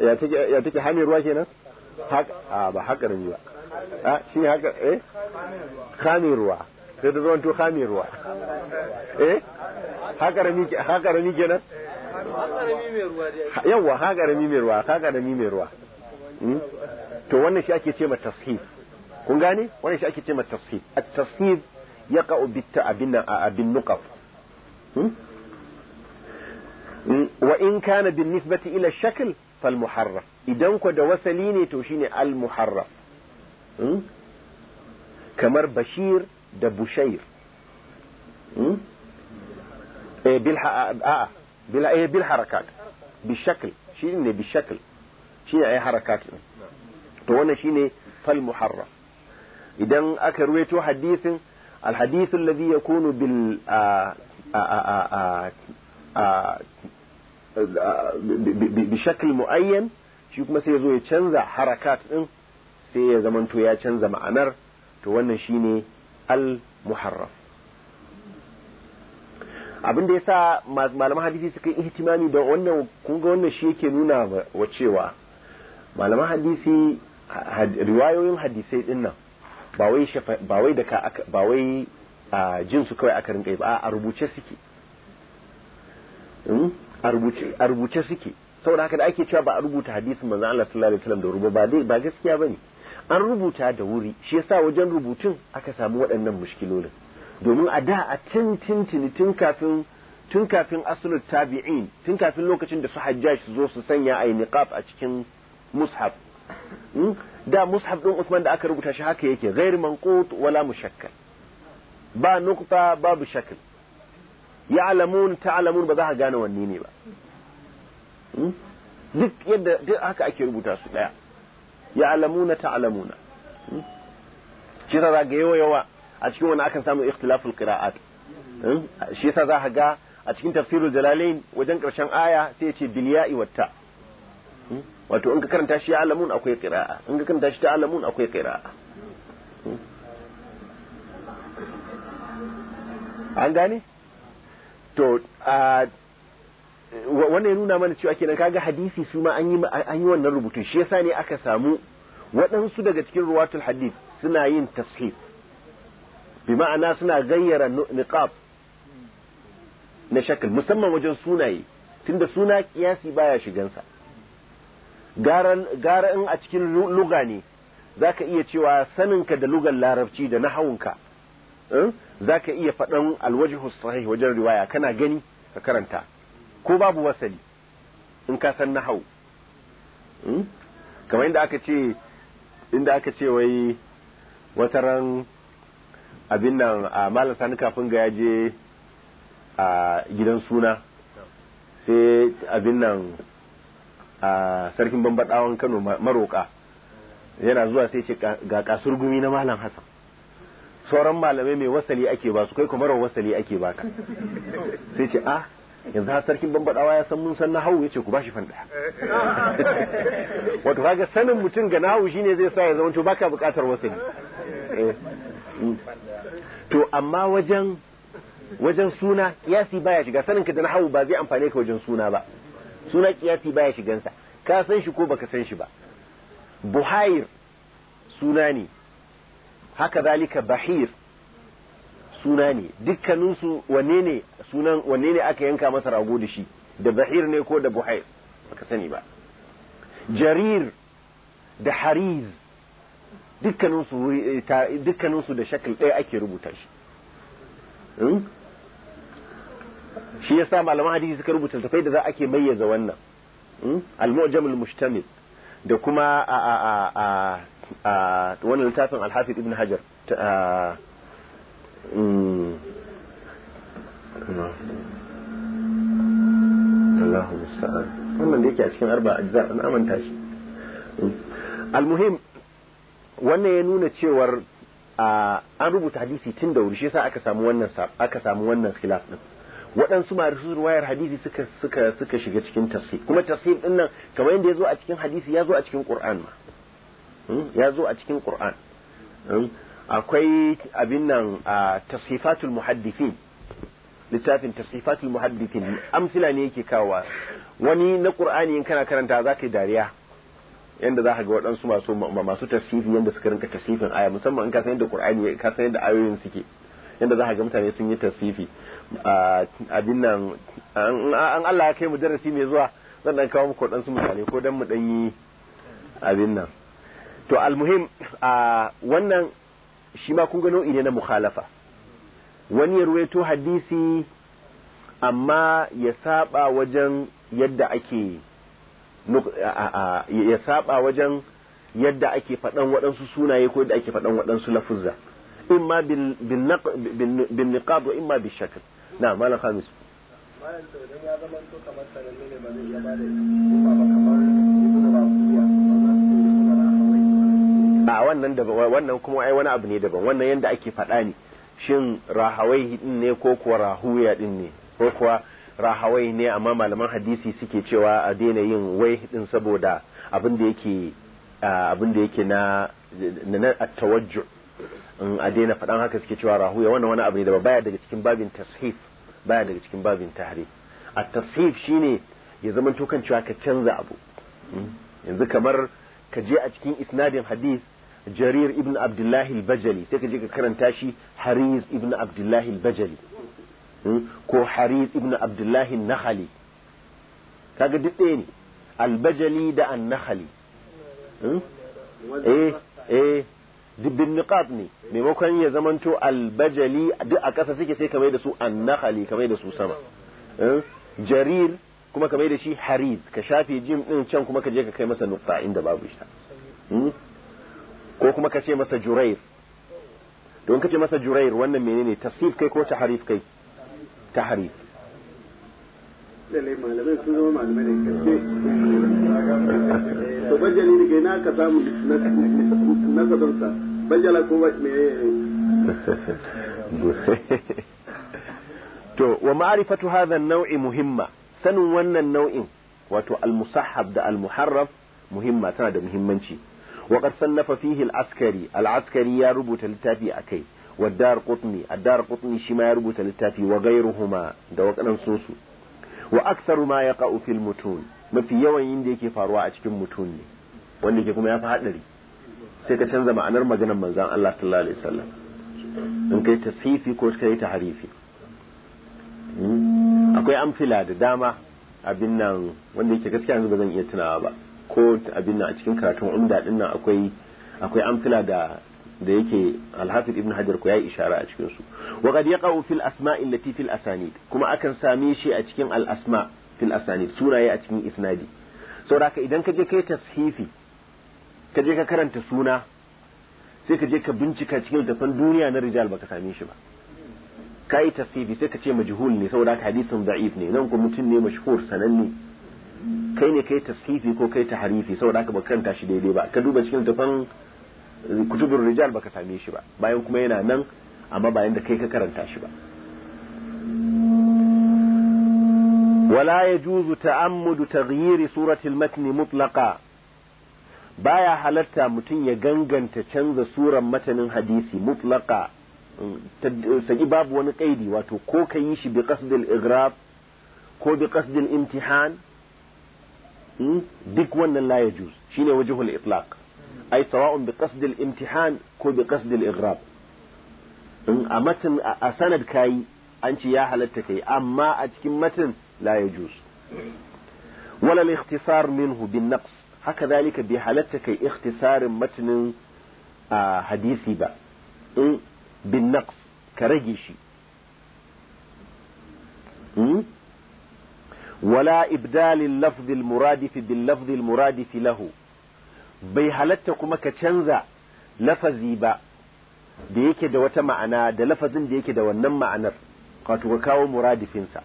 ya take ya take hanyar ruwa kenan ha ba hakarin ba a ah, shi haka eh khamin ruwa sai ta zamanto khamin ruwa eh haka rami haka rami kenan yawa haka rami mai ruwa haka rami mai ruwa hmm? to wannan shi ake ce ma tashif kun gane wannan shi ake ce ma tashif at-tashif yaqa'u bitta abin abin nuqaf hmm? Hmm? wa in kana bin nisbati ila shakl fal muharraf idan ku da wasali ne to shine al muharraf كمر بشير ده بشير إيه، بالحركات آه، آه، إيه، بالحركات بالشكل شيني بالشكل شيني اي حركات تونا شيني فالمحرف اذا أكرويتو حديث الحديث الذي يكون بال بشكل معين شوك ما سيزوي تشنزع حركات sai ya zamanto ya canza ma'anar to wannan shine al-muharraf abin da yasa malaman hadisi suka yi ihtimami da wannan kun ga wannan shi yake nuna wa cewa malaman hadisi riwayoyin hadisai din nan ba wai ba wai da ka ba wai jin su kawai aka rinka ba a rubuce suke hmm? a rubuce a rubuce suke saboda haka da ake cewa ba a rubuta hadisin manzo Allah sallallahu alaihi wasallam da rububa ba gaskiya bane an rubuta da wuri shi yasa wajen rubutun aka samu waɗannan mushkilolin domin a da a tintintini tun kafin tun kafin asulul tabi'in tun kafin lokacin da su hajjaj su zo su sanya a niqab a cikin mushaf hmm? da mushaf din Usman da aka rubuta shi haka yake ghair manqut wala mushakkal ba nukta babu shakl ya'lamun ta'lamun ba za ka gane wanne ne ba hmm? duk yadda duk haka ake rubuta su ɗaya. ya'lamuna alamuna hmm? shi yasa za ga yawa yawa a cikin wani akan samu ikhtilaful qira'at hmm? shi yasa za ka ga a cikin tafsirul jalalain wajen karshen aya sai ya ce bil watta hmm? wato in ka karanta shi ya ya'lamun akwai qira'a in ka karanta shi ta ta'lamun akwai qira'a an gane to wannan ya nuna mana cewa kenan kaga hadisi su ma an yi wannan rubutun shi yasa ne aka samu waɗansu daga cikin ruwatul hadith suna yin tashif bi ma'ana suna gayyara niqab na shakal musamman wajen sunaye tunda suna kiyasi baya shigansa gara in a cikin luga ne zaka iya cewa saninka da lugar larabci da nahawunka eh? zaka iya faɗan alwajhu sahih wajen riwaya kana gani ka karanta ko babu wasali in ka san nahau hmm? kamar inda aka ce inda aka ce wai wata ran abin nan a malam sani kafin ga yaje a gidan suna sai abin nan a sarkin bambadawan kano maroka yana zuwa sai ce ga kasur gumi na malam hassan sauran malamai mai wasali ake ba su kai kuma wasali ake ba ka sai ce a ah, yanzu har sarkin bambadawa ya san mun san na hawu yace ku bashi shi daya wato kaga sanin mutum ga nahu shine zai sa ya zama to baka wasu ne eh. to amma wajen wajen suna kiyasi baya shiga sanin ka da na hawu ba zai amfane ka wajen suna ba suna kiyasi baya shigansa ka san shi ko baka san shi ba buhair suna ne haka zalika bahir suna ne dukkaninsu wanne ne sunan wanne ne aka yanka masa rago da shi da bahir ne ko da buhair baka sani ba jarir da hariz dukkaninsu eh, dukkaninsu da shakal ɗaya ake rubuta shi hmm? shi yasa malaman hadisi suka rubuta tafai da za ake mayyaza wannan hmm? al-mu'jam al-mushtamil da kuma a a a a wannan littafin al-hafiz ibn hajar مم. Mm. musta'an wannan da yake a cikin arba ajza an amanta shi mm. almuhim wannan ya nuna cewar an rubuta hadisi tun da wuri shi yasa aka samu wannan aka samu wannan khilaf din waɗansu masu ruwayar hadisi suka suka suka shiga cikin tafsir kuma tafsir din nan kamar yadda ya zo a cikin hadisi ya zo a cikin qur'an ma mm. ya zo a cikin qur'an akwai abin nan a tasifatul muhaddifin littafin tasifatul muhaddifin amsila ne yake kawo wani na qur'ani in kana karanta za ka yi dariya yanda za ka ga waɗansu masu masu tasifi yanda suka rinka tasifin aya musamman in ka san yadda qur'ani ka san yadda ayoyin suke yanda za ka ga mutane sun yi tasifi abin nan an Allah ya kai mu darasi mai zuwa zan dan kawo muku waɗansu mutane ko dan mu dan yi abin nan to almuhim a wannan shi ma kun ga nau'i ne na mukhalafa wani ya ruwaito hadisi amma ya saba wajen yadda ake ya saba wajen yadda ake faɗan waɗansu sunaye ko yadda ake faɗan waɗansu lafuzza imma bil niqab wa imma bil shakl na malam khamis malam da ya zama to kamar sanannu ne ba zai iya ba kamar ba wannan daban wannan kuma ai wani abu ne daban wannan yanda ake faɗa ne shin rahawai din ne ko kuwa rahuya din ne ko kuwa rahawai ne amma malaman hadisi suke cewa a daina yin wai din saboda abin da yake abin da yake na na tawajju a daina faɗan haka suke cewa rahuya wannan wani abu ne daban baya daga cikin babin tashif baya daga cikin babin tahri a tashif shine ya zama to kan cewa ka canza abu hmm? yanzu kamar ka je a cikin isnadin hadith jarir ibn abdullahi al-bajali sai ka je ka karanta shi haris ibn abdullahi al-bajali hmm? ko haris ibn abdullahi al-nakhali kaga duk ɗaya ne al-bajali da an-nakhali hmm? eh eh bin niqab ne maimakon ya zamanto al-bajali duk a ƙasa suke sai kamar da su an-nakhali kamar da su sama hmm? jarir kuma kamar da shi haris ka shafe jim din can kuma ka je ka kai masa nuqta inda babu shi ko kuma ka ce masa jurair don ka ce masa jurair wannan menene tasrif kai ko taharif kai taharif to wa ma'rifatu hadha an-naw'i muhimma sanu wannan nau'in wato al-musahhab da al-muharraf muhimma tana da muhimmanci وقد صنف فيه العسكري العسكري يا ربو تلتافي أكي والدار قطني الدار قطني شما يا ربو تلتافي وغيرهما دوك أنسوسو وأكثر ما يقع في المتون ما في يوان ينديكي فاروا أتكم متون وانيكي كما يفعل لي سيكا تنزى معنى رمجنا منزان الله صلى الله عليه وسلم in kai tashifi ko kai tahrifi akwai amfila da dama abin nan wanda yake gaskiya yanzu ba zan iya tunawa ba ko abin nan a cikin karatun inda din nan akwai akwai amfila da da yake alhafiz ibn hajar ko yayi ishara a cikin su wa qad yaqa'u fil asma'i allati fil asanid kuma akan same shi a cikin al asma fil asanid sunaye a cikin isnadi saboda idan ka je kai tashifi ka je ka karanta suna sai ka je ka bincika cikin tafan duniya na rijal baka same shi ba kai tashifi sai ka ce majhul ne saboda hadisin da'if ne nan ko mutum ne mashhur sananne kai ne kai tasfifi ko kai taharifi saboda aka ba karanta shi daidai ba ka duba cikin tafan eh, kutubur rijal ka same shi ba bayan kuma yana nan amma bayan da kai ka karanta shi ba wala ya juzu ta'ammudu taghyiri suratul matn mutlaqa baya halatta mutum ya ganganta canza suran matanin hadisi mutlaqa mm, saki babu wani kaidi wato ko ka yi shi bi qasdil igrab ko bi qasdil imtihan ديك ون لا يجوز شين وجه الإطلاق أي سواء بقصد الامتحان كو بقصد الإغراب أمتن أساند كاي أنشي يا حالتكي أما أتكمتن لا يجوز ولا الاختصار منه بالنقص هكذلك بحالتكي اختصار متن آه، حديثي با بالنقص كرجيشي wala ibdalin lafzil muradifi bil lafzil muradifi lahu bai halarta kuma ka canza lafazi ba da yake da wata ma'ana da lafazin da yake da wannan ma'anar wato kawo muradifinsa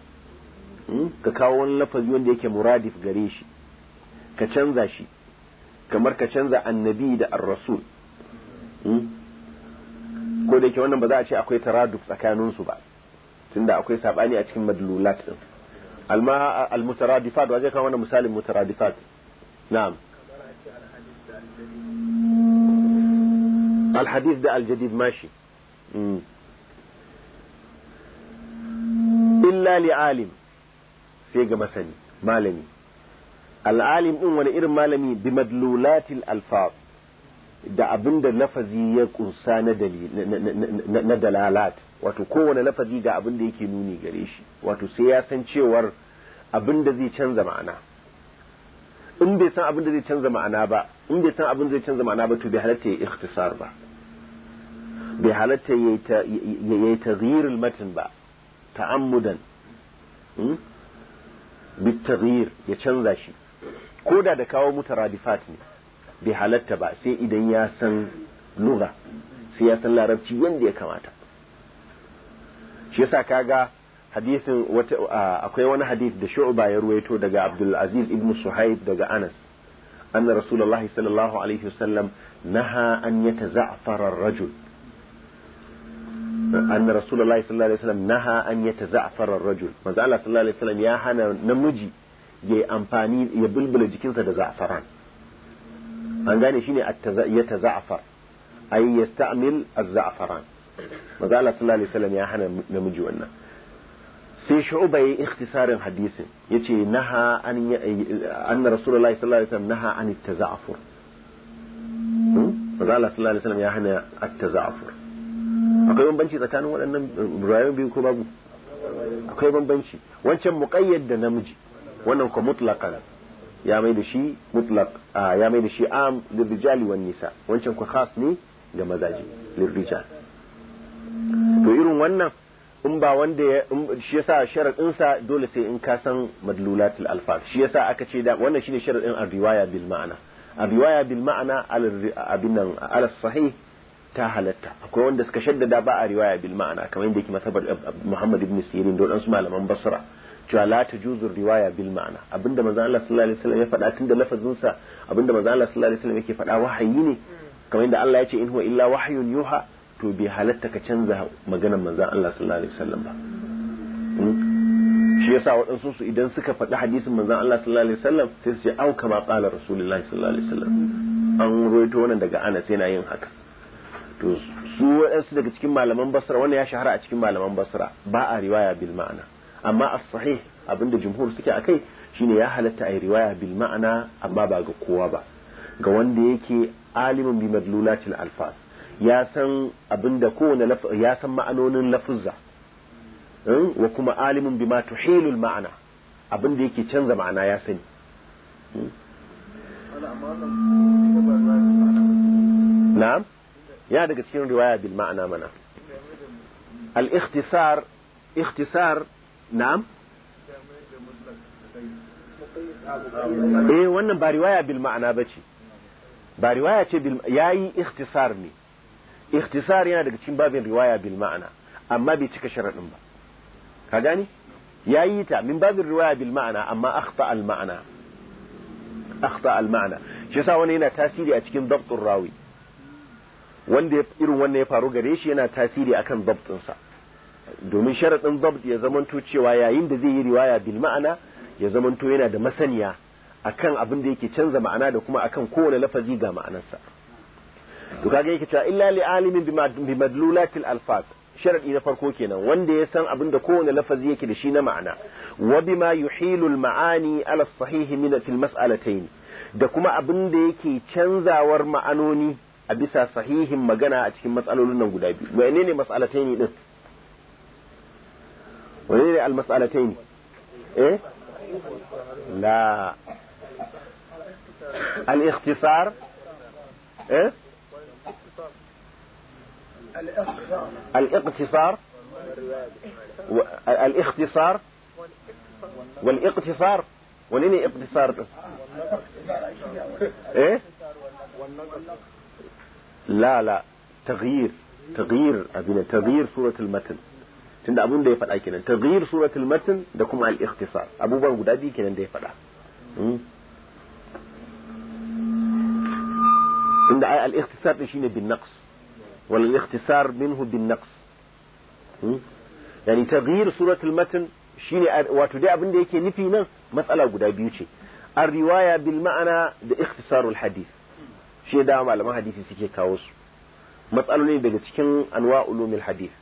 hmm? ka kawo wani lafazi wanda yake muradif gare shi ka canza shi kamar ka canza annabi da ar-rasul hmm? ko da yake wannan ba za a ce akwai taraduk tsakaninsu ba tunda akwai saɓani a cikin madlulat din الماء المترادفات وجهك أنا مثال مترادفات نعم الحديث ده الجديد ماشي مم. إلا لعالم سيجا مثلا مالمي العالم أم ونئر مالمي بمدلولات الألفاظ ده abin نفذي يكون ya kunsa wato kowane lafazi ga abin da yake nuni gare shi wato sai ya san cewar abin da zai canza ma'ana in bai san abin da zai canza ma'ana ba in bai san abin da zai canza ma'ana ba to bai halatta ya ikhtisar ba bai halatta ya yi taghyirul matan ba ta'ammudan hmm, bi taghir ya canza shi ko da kawo mutaradifat ne bai halatta ba sai idan ya san lugha sai ya san larabci yanda ya kamata shi yasa kaga hadisin akwai wani hadith da shu'ba ya ruwaito daga Abdul Aziz ibn Suhaib daga Anas anna Rasulullahi sallallahu alaihi wasallam naha an yataza'fara ar-rajul anna Rasulullahi sallallahu alaihi wasallam naha an yataza'fara ar-rajul manzo Allah sallallahu alaihi wasallam ya hana namiji yayi amfani ya bulbula jikinsa da za'faran an gane shine at-taza'far ay yasta'mil az-za'faran maza Allah sallallahu alaihi wasallam ya hana namiji wannan sai shu'ba yayi ikhtisarin hadisin yace naha an anna rasulullahi sallallahu alaihi wasallam naha an tazafur hmm? maza Allah sallallahu alaihi wasallam ya hana at-taza'fur akwai bambanci tsakanin waɗannan rayuwar biyu ko babu akwai bambanci wancan muqayyad da namiji wannan ko mutlaqan ya mai da shi mutlaq ah, ya mai da shi am lirrijali wan nisa wancan ko khas ne ga mazaji lirrijal to irin wannan in ba wanda ya shi yasa sharadin sa dole sai in ka san madlulatul alfaz shi yasa aka ce da wannan shine sharadin a riwaya bil ma'ana A riwaya bil ma'ana al-abinan al-sahih ta halatta akwai wanda suka shaddada ba a riwaya bil ma'ana kamar yadda yake masabar eh, Muhammad ibn Sirin da wadansu malaman Basra cewa la tajuzu riwaya bil ma'ana abinda manzo Allah sallallahu alaihi wasallam ya faɗa tun da lafazin sa abinda manzo Allah sallallahu alaihi wasallam yake faɗa wahayi ne hmm. kamar yadda Allah ya ce in huwa illa wahyun yuha to bai halatta ka canza maganar manzan Allah sallallahu alaihi wasallam ba hmm? shi yasa waɗansu su idan suka faɗi hadisin manzan Allah sallallahu alaihi wasallam sai su ce au kama qala rasulullahi sallallahu alaihi wasallam an ruwaito wannan daga sai na yin haka to su waɗansu daga cikin malaman Basra wannan ya shahara a cikin malaman Basra ba a riwaya bil ma'ana amma as-sahih abinda jumhur suke akai shine ya halatta ai riwaya bil ma'ana amma ba ga kowa ba ga wanda yake alimin bi madlulatil alfaz ya san abin da kowane ya san ma'anonin lafuzza hmm? wa kuma alimun bima tuhilul ma'ana da yake canza ma'ana ya sani hmm? na'am ya daga cikin riwaya bil ma'ana mana al-ikhtisar ikhtisar na'am eh wannan ba riwaya bil ma'ana bace ba riwaya ce bil yayi ikhtisar ne ikhtisar yana daga cikin babin riwaya bil ma'ana amma bai cika sharadin ba ka gani yayi ta min babin riwaya bil ma'ana amma akhta al ma'ana akhta al ma'ana shi yasa wani yana tasiri a cikin dabtur rawi wanda irin wannan ya faru gare shi yana tasiri akan dabtun sa domin sharadin dabt ya zamanto cewa yayin da zai yi riwaya bil ma'ana ya zamanto yana da masaniya akan abin da yake canza ma'ana da kuma akan kowane lafazi ga ma'anarsa to kaga yake cewa illa li alimin bi madlulatil alfaz sharadi na farko kenan wanda ya san abinda kowane lafazi yake da shi na ma'ana wa bima yuhilu al ma'ani ala sahih min fil mas'alatayn da kuma abinda da yake canzawar ma'anoni a bisa sahihin magana a cikin matsalolin nan guda biyu wane ne mas'alatayn din wane ne al mas'alatayn eh la al ikhtisar eh الاقتصار الاختصار والاقتصار ولين اقتصار ايه لا لا تغيير تغيير ابينا تغيير سورة المتن تند ابون دا يفدا كينا تغيير سورة المتن دا كما الاختصار ابو بان غدا بي كينا دا يفدا تند الاختصار دي بالنقص والاختصار منه بالنقص yani taghyir suratul matn shine wato dai abin da yake nufi nan matsala guda biyu ce ar riwaya bil ma'ana da ikhtisarul hadith shi da malaman hadisi suke kawo su matsaloli daga cikin anwa ulumul hadith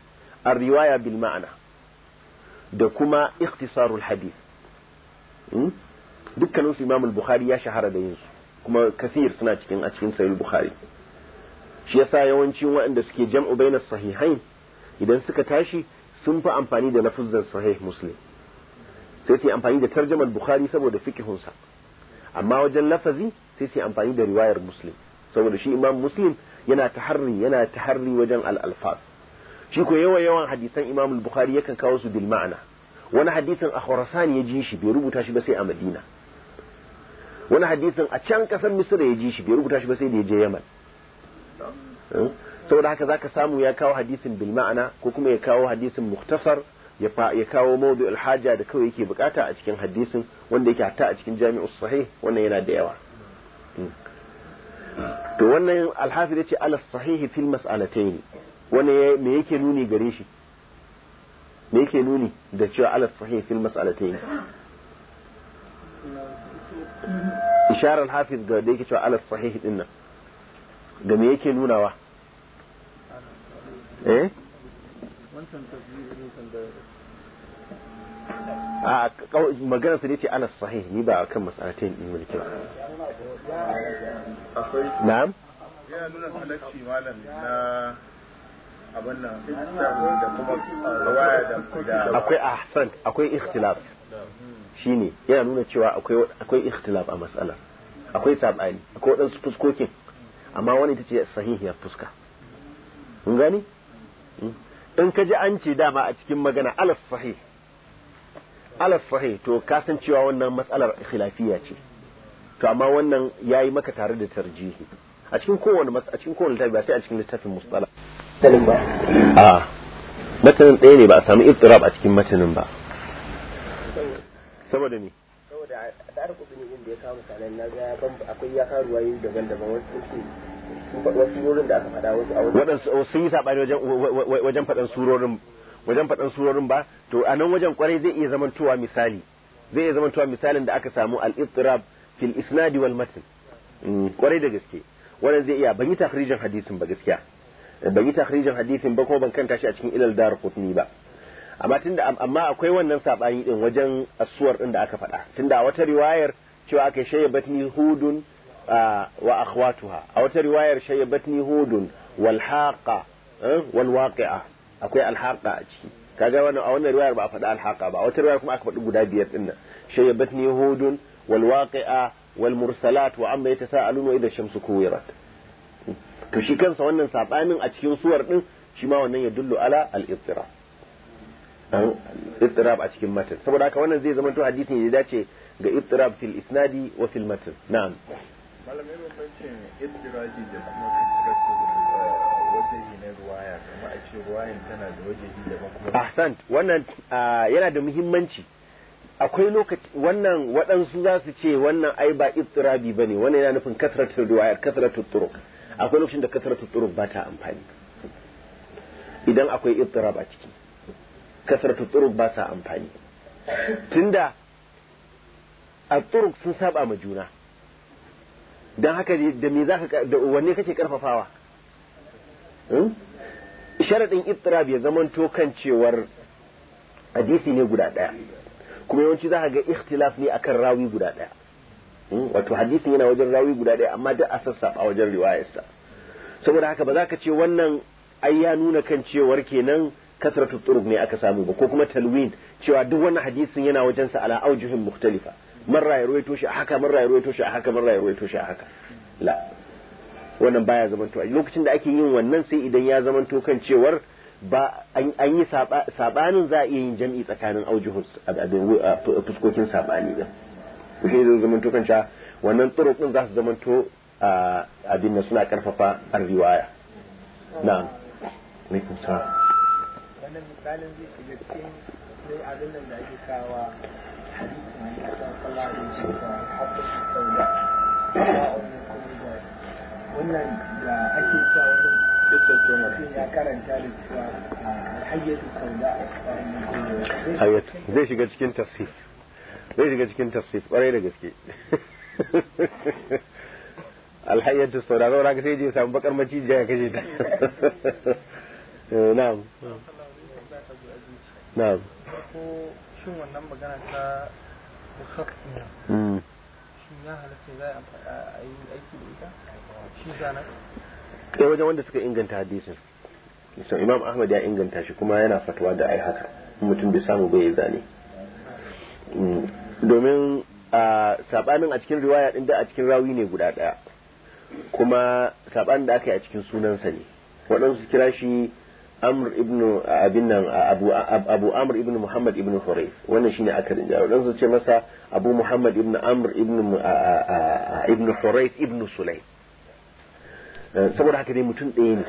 ar riwaya bil ma'ana da kuma ikhtisarul hadith dukkanin su bukhari ya shahara da yin su kuma kasir suna cikin a cikin sahih bukhari shi yasa yawancin waɗanda suke jam'u baina sahihain idan suka tashi sun fi amfani da lafuzzan sahih muslim sai su amfani da tarjamar bukhari saboda fikihunsa amma wajen lafazi sai su amfani da riwayar muslim saboda shi imam muslim yana taharri yana taharri wajen al-alfaz shi ko yawan yawan hadisan imam al-bukhari yakan kawo su bil ma'ana wani hadisin a khurasan ya ji shi bai rubuta shi ba sai a madina wani hadisin a can kasar misra ya ji shi bai rubuta shi ba sai da ya je yaman Eh? saboda haka zaka samu ya kawo hadisin bil ma'ana ko kuma ya kawo hadisin muktasar ya kawo mawdu alhaja da kawai yake bukata a cikin hadisin wanda yake hatta a cikin jami'u sahih wannan yana da yawa hmm. to wannan alhafi yace ala sahihi fil mas'alatayn wannan me yake nuni gare shi me yake nuni da cewa ala sahihi fil mas'alatayn isharar hafiz ga da yake cewa ala sahihi dinnan ga me yake nunawa eh a magana su ne ce anas sahih ni ba kan masalatin din mulki ba na'am ya nuna halacci malam na abin nan da kuma rawaya da akwai ahsan akwai ikhtilaf shine yana nuna cewa akwai akwai ikhtilaf a mas'alar akwai sabani akwai wadansu fuskokin amma wani ita ce sahihiyar fuska in gani in ka ji an ce dama a cikin magana alas sahih alas sahih to ka san cewa wannan matsalar khilafiya ce to amma wannan ya yi maka tare da tarjihi a cikin kowane a cikin kowane littafi ba sai a cikin littafin mustala ba a matanin ɗaya ne ba a samu ibtirab a cikin matanin ba saboda ne da a tsara kudin da ya kawo kanan na ga akwai ya kawo ruwa yi daban-daban wasu sun ce wasu wurin da aka faɗa wasu a wajen oh, sun yi saɓani wajen faɗan surorin wajen faɗan surorin ba to a nan wajen kwarai zai iya zamantowa misali zai iya zamantowa misalin da aka samu al-ittirab fil isnadi wal matn kwarai mm, da gaske wannan zai iya ban yi tahrijin hadisin ba gaskiya ban yi tahrijin hadisin ba ko ban kanta shi a cikin ilal dar qutni ba amma tunda amma akwai wannan sabani din wajen asuwar din da aka faɗa tunda a wata riwayar cewa aka batni hudun wa akhwatuha a wata riwayar batni hudun wal haqa eh, wal waqi'a akwai al haqa a ciki kaga wannan a wannan riwayar ba a faɗa al haqa ba a wata riwayar kuma aka faɗi guda biyar din nan batni hudun wal waqi'a wal mursalat wa amma yatasaalun wa idha shamsu kuwirat to shi kansa wannan sabanin a cikin suwar din shi ma wannan ya dullu ala al-ittira ittirab a cikin matan saboda haka wannan zai zama to hadisi ne da dace ga ittirab fil isnadi wa fil matan na'am malamai bambancin ittiraji da kuma eh, wajehi na ruwaya kuma a ce ruwayan tana da wajehi da kuma ahsant wannan ah, yana da muhimmanci akwai lokaci wannan waɗansu za su ce wannan ai ba ittirabi ne wannan yana nufin kasarar riwayat kasarar turuq akwai lokacin da kasarar turuq ba ta amfani idan akwai ittirab a ciki Kasar turuq ba sa amfani tunda a turuk sun saba ma juna Don haka da me zaka da wanne kake karfafawa hmm? Sharaɗin ittirab ya zamanto kan cewar hadisi ne guda daya kuma yawanci za ka ga ikhtilaf ne akan rawi guda daya hmm? wato hadisin yana wajen rawi guda ɗaya amma duk a a wajen riwayarsa saboda haka ba za ka ce wannan ai ya nuna kan cewar kenan kasratu turuq ne aka samu ba ko kuma talwin cewa duk wani hadisin yana wajen sa ala aujuhin mukhtalifa marra ya ruwaito shi a haka marra ya ruwaito shi a haka marra ya ruwaito shi a haka la wannan baya zamanto lokacin da ake yin wannan sai idan ya zamanto kan cewar ba an yi sabanin za a iya yin jam'i tsakanin aujuhun fuskokin sabani da kuke zai zamanto kan cewa wannan turuq din za su zamanto abin da suna karfafa arriwaya na'am alaikum salam wannan misalin zai shiga cikin sai abin nan da ake kawa hadisi ne a kan sallallahu alaihi wa hafiz saula wannan da ake cewa mutum ya karanta da cewa hayyatu saula hayyatu zai shiga cikin tasif zai shiga cikin tasif kwarai da gaske alhayyatu saura zaura ka sai je samu bakar macijiya ya kashe ta eh, na'am na'am wannan magana ta mukhaffiya hmm. shin ya halatta zai aiki da ita shi zana. Eh, wajen wanda suka inganta hadisin so imam ahmad ya inganta shi kuma yana fatawa da ai haka mutum bai samu bai zane hmm. domin a sabanin a cikin riwaya din da a cikin rawi ne guda daya kuma sabanin da aka yi a cikin sunansa ne waɗansu kira shi amr ibn abin nan abu abu amr ibn muhammad ibn hurayf wannan shine aka rinja dan su ce masa abu muhammad ibn amr ibn ibn hurayf ibn sulaim eh, saboda haka dai mutum ɗaya ne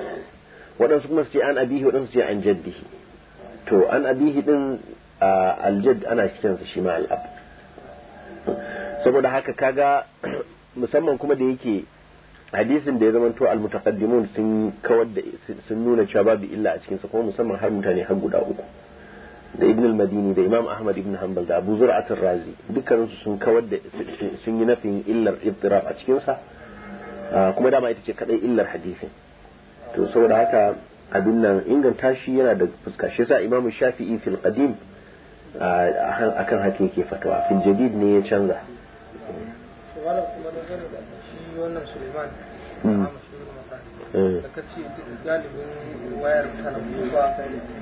waɗansu kuma su ce an abihi waɗansu ce an jaddihi to an abihi din aljad ana sa shi ma al'ab saboda haka kaga musamman kuma da yake hadisin da ya zama to al-mutaqaddimun sun kawar da sun nuna cewa babu illa a cikin sa kuma musamman har mutane har guda uku da ibn al-madini da imam ahmad ibn hanbal da abu zur'at razi dukkanin su sun kawar da sun yi nafin illar ibtirab a cikin sa ah, kuma dama ita ce kadai illar hadisin to saboda haka abin nan inganta shi yana da fuska shi yasa imam shafi'i fil qadim akan ah, haka yake fatawa fil jadid ne ya canza shi wannan suleiman hmm. eh. da ka ce galibin wayar tana kusa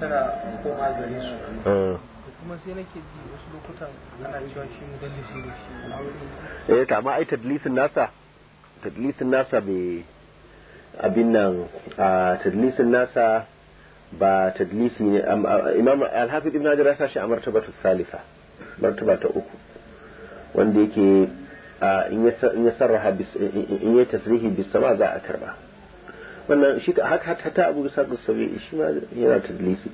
tana koma gare su eh. kuma sai nake ji wasu lokutan ana cewa shi mudallisi ne shi eh ta ma ai tadlisin nasa tadlisin nasa bai abin nan a tadlisin nasa ba tadlisi ne imam al ibn hajar ya sashi a martabatu Salifa martaba ta uku wanda yake in ya sarraha in ya tasrihi bisama za a karba wannan shi haka hata abu isa gusawi shi ma yana tadlisi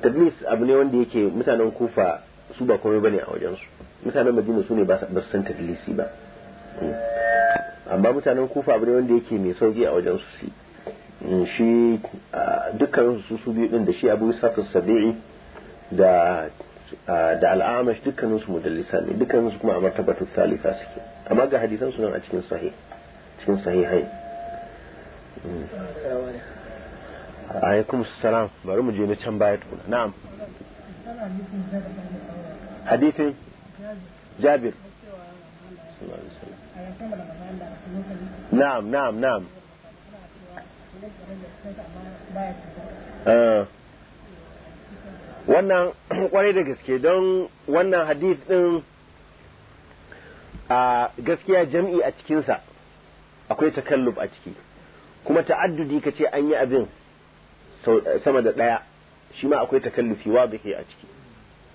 tadlis abu ne wanda yake mutanen kufa su ba komai bane a wajensu mutanen madina su ne ba su san tadlisi ba hmm. amma mutanen kufa abu ne wanda yake mai sauki a wajensu su hmm, shi dukkan su su biyu din da shi abu isa sabi'i da da al'amash dukkaninsu mudallisa ne dukkaninsu kuma a martabatu thalitha suke amma ga hadisan sunan a cikin sahih cikin hai mm. alaikum salam bari mu je na can baya tukuna na'am hadisin jabir na'am na'am na'am eh. wannan kwarai da gaske don wannan hadith din a gaskiya jam'i a cikinsa akwai takalluf a ciki kuma ta'addudi ka ce an yi abin sama da ɗaya shi ma akwai takallufi wa da ke a ciki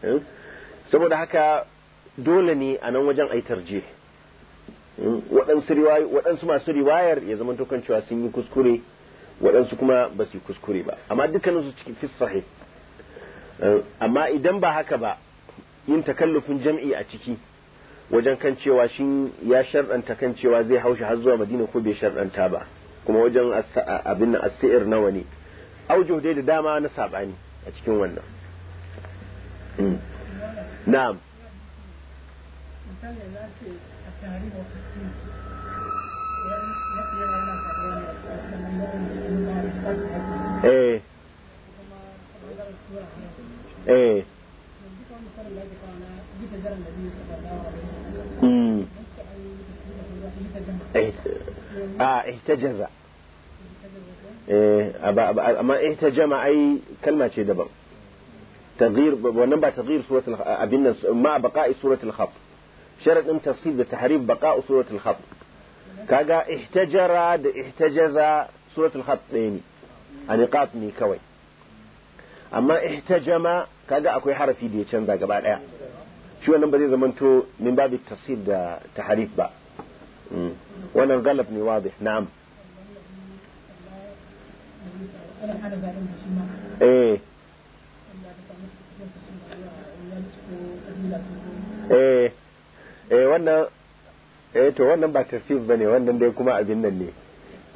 hmm? saboda haka dole ne a nan wajen ai tarje hmm? waɗansu masu riwayar ya zama tukan cewa sun yi kuskure waɗansu kuma ba su yi kuskure ba amma dukkaninsu cikin fi hmm? amma idan ba haka ba yin takallufin jam'i a ciki wajen kan cewa shi ya sharɗanta kan cewa zai haushi har zuwa madina ko bai sharɗanta ba kuma wajen abin nan asir nawa ne aujo dai da dama na sabani a cikin wannan na'am eh eh a ah, ihtajaza eh, amma ihtajama ai kalma ce daban تغيير wannan ba taghyir suratul abin nan ma baqa'i suratul khat sharadin tafsir da tahrif baqa'u suratul khat kaga ihtajara da ihtajaza suratul khat ɗaya ne a niqat ne kawai amma ihtajama kaga akwai harafi da ya canza gaba daya shi wannan ba zai zamanto min babu tafsir da tahrif ba hmm. wannan galab ne wadih na'am eh eh, eh wannan eh to wannan ba tasif bane wannan dai kuma abin nan ne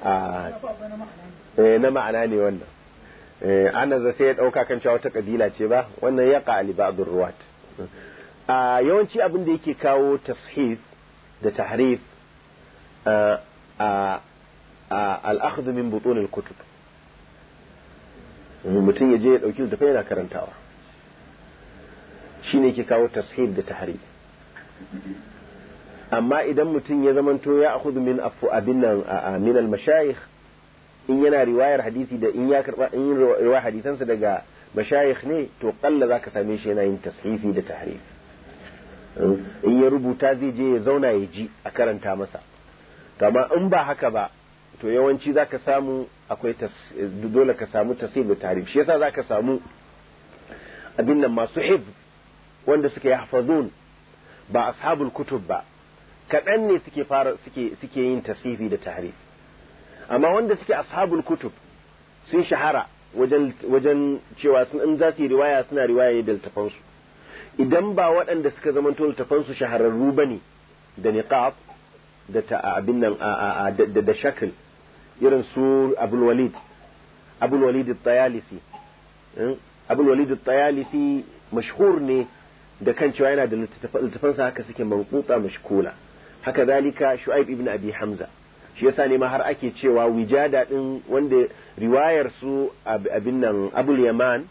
a eh na ma'ana ne wannan eh ana za sai ya dauka kan cewa wata kabila ce ba wannan ya qali ba'dur ruwat a yawanci abin da yake kawo tashif da tahrif al'akhdu min butun kutub mutum ya je ya dauki littafai yana karantawa shine ke kawo tashir da tahari amma idan mutum ya zamanto ya akhudhu min afu abin nan min al-mashayikh in yana riwayar hadisi da in ya karba in riwayar hadisansa daga mashayikh ne to kalla zaka same shi yana yin tashifi da tahrif in ya rubuta zai je ya zauna ya ji a karanta masa to in ba haka ba to yawanci za ka samu akwai dole ka samu tasir da tarif shi yasa ka samu abin nan masu hif wanda suke hafazun ba ashabul kutub ba kaɗan ne suke fara suke yin tasifi da tarif amma wanda suke ashabul kutub sun shahara wajen cewa sun in za su yi riwaya suna riwaya da littafansu idan ba waɗanda suka zamanto littafansu shahararru bane da niqab da ta abin nan da shakil irin su abulwalid abulwalid tayalisi eh? abulwalid tayalisi mashhur ne da kan cewa yana da littafansa haka suke manquta mashkula haka zalika shu'aib ibn abi hamza shi yasa ne ma har ake cewa wijada din wanda riwayar su abin nan abul yaman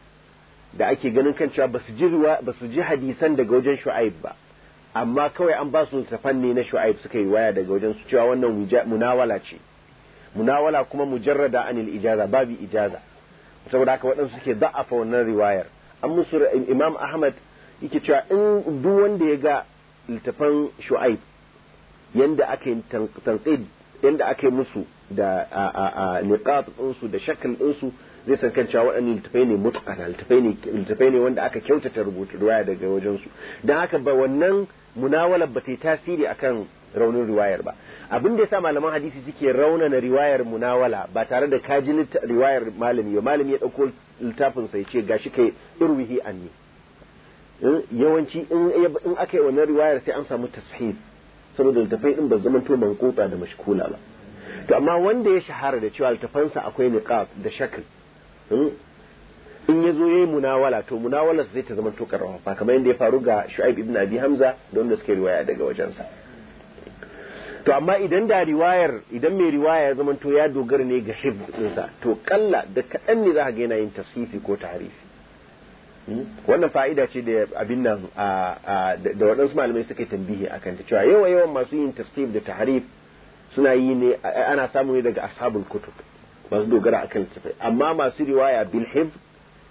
da ake ganin kan cewa basu ji basu ji hadisan daga wajen shu'aib ba amma kawai an ba su littafan ne na shu'aib suka yi waya daga wajen su cewa wannan munawala ce munawala kuma mujarrada anil ijaza babu ijaza saboda haka waɗansu suke da'afa wannan riwayar an musu imam ahmad yake cewa in duk wanda ya ga littafan shu'aib yanda aka yi tanqid yanda aka yi musu da niqat ɗinsu da shakal su zai san kan cewa waɗannan littafai ne mutqana littafai ne wanda aka kyautata rubutu waya daga wajen su dan haka ba wannan munawalar ba ta yi tasiri akan raunin riwayar ba abin da sa malaman hadisi suke raunana riwayar munawala ba tare da kaji riwayar malami ba malami ya dauko littafin sa yace shi kai irwihi ne eh, yawanci in aka yi wannan riwayar sai an samu tashib saboda littafai din ba zama to mankota da mashkula ba to amma wanda ya shahara da cewa littafansa akwai niqab da shakl hmm, in ya zo ya yi munawala to munawalar zai ta zama to karfafa kamar yadda ya faru ga shu'aib ibn abi hamza da wanda suke riwaya daga wajensa to amma idan da riwayar idan mai riwaya ya zama to ya dogara ne ga hifz sa to kalla da kaɗan ne za ka ga yana yin tasifi ko tarifi hmm? wannan fa'ida ce da abin nan da waɗansu malamai suka yi tambihi a kanta cewa yawa yawan masu yin tasifi da tahrif suna yi ne ana samu ne daga ashabul kutub masu dogara akan littafai amma masu riwaya bil hifz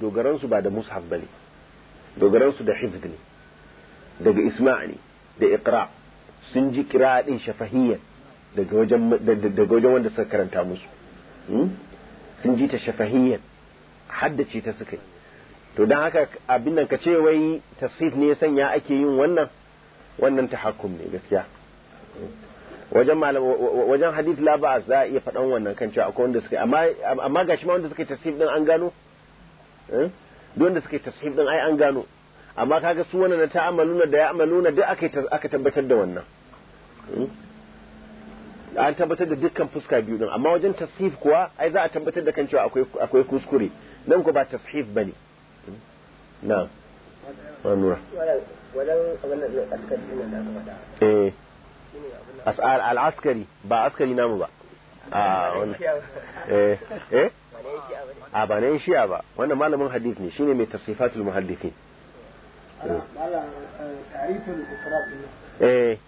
dogaransu ba da mushaf bane dogaransu da hifd ne daga isma' ne da iqra sun ji kira din shafahiyyan daga wajen daga wajen wanda suka karanta musu hmm? sun ji ta shafahiyyan haddace ta suka yi to don haka abin nan ka ce wai tasrif ne ya sanya ake yin wannan wannan tahakkum ne gaskiya wajen wajen hadith la ba za a iya faɗan wannan kan cewa akwai wanda suka amma amma gashi ma wanda suka tasrif din an gano Eh? duk da suka yi tashif din ai an gano amma kaga su wannan ta amaluna da ya amaluna duk aka tabbatar da wannan hmm? an tabbatar da dukkan fuska biyu din amma wajen tasif kuwa ai za a tabbatar da kan cewa akwai kuskure nan ku ba tasif bane hmm? na nura eh as'al al-askari ba askari namu ba a ah, wannan eh eh a ba na shi'a ba wannan malamin hadith ne shine mai tasifatul muhaddithin eh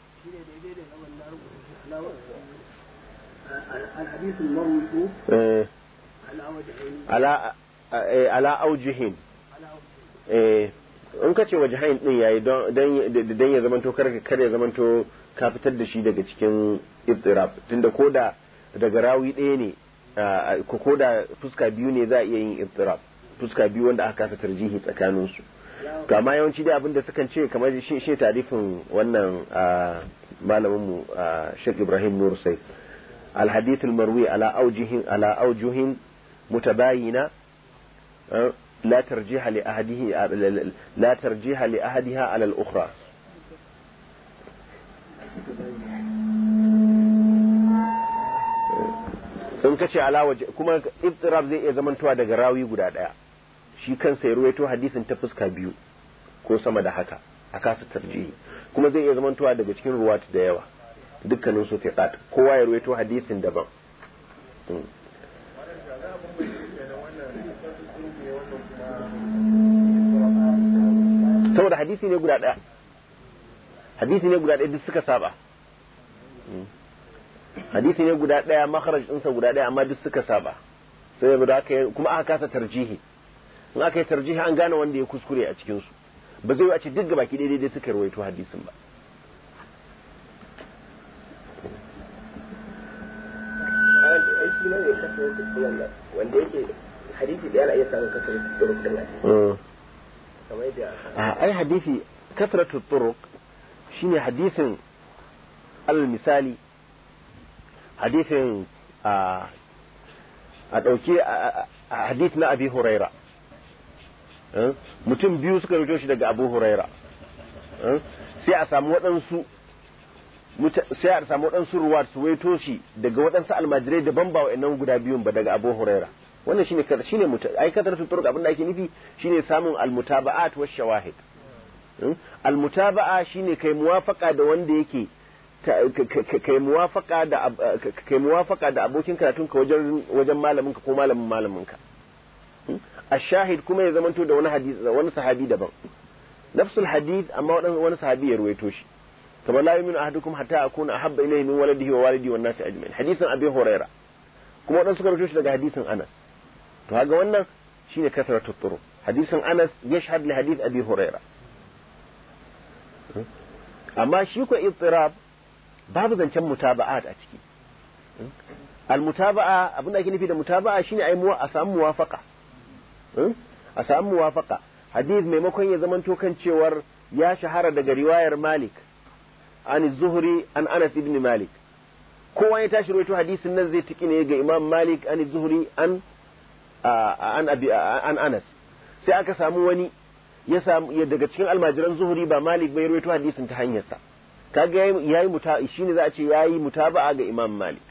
aujihin eh. eh, eh. in ka ce wajahain din yayi don ya zamanto kar ya zamanto ka fitar da shi daga cikin ibtirab tunda koda daga rawi ɗaya ne ko koda fuska biyu ne za a iya yin iftirab fuska biyu wanda aka kasa tarjihi tsakanin su to amma yawanci dai abinda sukan ce kamar shi shi tarifin wannan malamin mu Sheikh Ibrahim Nur Saif al hadith al marwi ala awjihin ala awjuhin mutabayina la tarjiha لا ترجيح لأحده لا ترجيح لأحدها على الأخرى in ka ce alawa kuma iftirar zai iya zamantowa daga rawi guda daya shi kansa ya ruwaito hadisin ta fuska biyu ko sama da haka a kasa tarjihi kuma zai iya zamantowa daga cikin ruwat da yawa dukkanin su kat kowa ya ruwaito hadisin daban hmm. saboda hadisi ne guda daya hadisi ne guda daya duk suka saba hmm. hadisi ne guda daya makharaj ɗinsa guda daya amma duk suka saba sai da aka kuma aka kasa tarjihi in aka yi tarjihi an gane wanda ya kuskure a cikin su ba zai wace ce duk gabaki daidai da suka rawaito hadisin ba wanda yake hadisi da yana iya samun kasar turuk hmm. ah, ai hadisi kasratu turuk shine hadisin al misali hadithin a ɗauki hadith na abi huraira eh? mutum biyu suka rito shi daga abu huraira eh? sai a samu waɗansu sai ruwa su waito shi daga waɗansu almajirai daban ba wa'annan guda biyun ba daga abu huraira wannan shine ne aikatar su abin da ake nufi shine samun a wa shawahid eh? almutaba'a shine kai muwafaka da wanda yake kai muwafaka da muwafaka da abokin karatun ka wajen malaminka malamin ka ko malamin malamin ka hmm? shahid kuma ya zamanto da wani da wani sahabi daban nafsul hadith amma wani sahabi ya ruwaito shi kamar la yuminu ahadukum hatta akuna ahabba ilayhi min waladihi wa walidi wan nasi ajma'in hadithan abi huraira kuma wadansu suka rubuto shi daga hadithan anas to kaga wannan shine kasratu turu hadithan anas yashhad li hadith abi huraira hmm? amma shi ko ittirab babu zancen mutaba'a a ciki almutaba'a abin da ake nufi da mutaba'a shine ai muwa a samu muwafaqa hmm? a samu muwafaqa hadith maimakon ya zamanto kan cewar ya shahara daga riwayar Malik an Zuhri an Anas ibn Malik kowa ya tashi rawaito hadisin nan zai tiki ne ga Imam Malik an Zuhri an an abi an Anas sai aka samu wani ya samu daga cikin almajiran Zuhri ba Malik bai rawaito hadisin ta hanyarsa kaga yayi muta shine za a ce yayi mutaba'a ga Imam Malik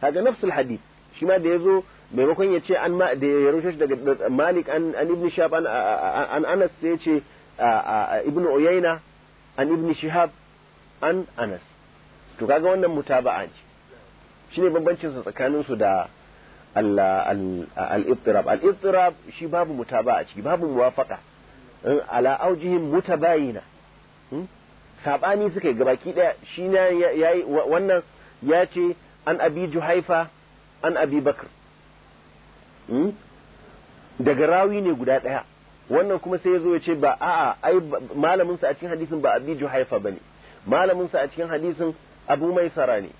kaga nafsul hadith shi ma da yazo maimakon ya ce an ma da ya rushe shi daga Malik an an Ibn Shihab an an Anas sai ya ce Ibn Uyayna an Ibn Shihab an Anas to kaga wannan mutaba'a ne shine bambancin sa tsakanin su da al-ittirab al-ittirab shi babu mutaba'a ciki babu muwafaqa ala aujihim mutabayina hmm? sabani suka yi gabaki daya shi yayi wannan ya ce an abi juhaifa an abi bakr hmm? daga rawi ne guda daya wannan kuma sai ya zo ya ce ba a'a ai malaminsa a cikin hadisin ba abi juhaifa bane ne malaminsa a cikin hadisin abu maisara ne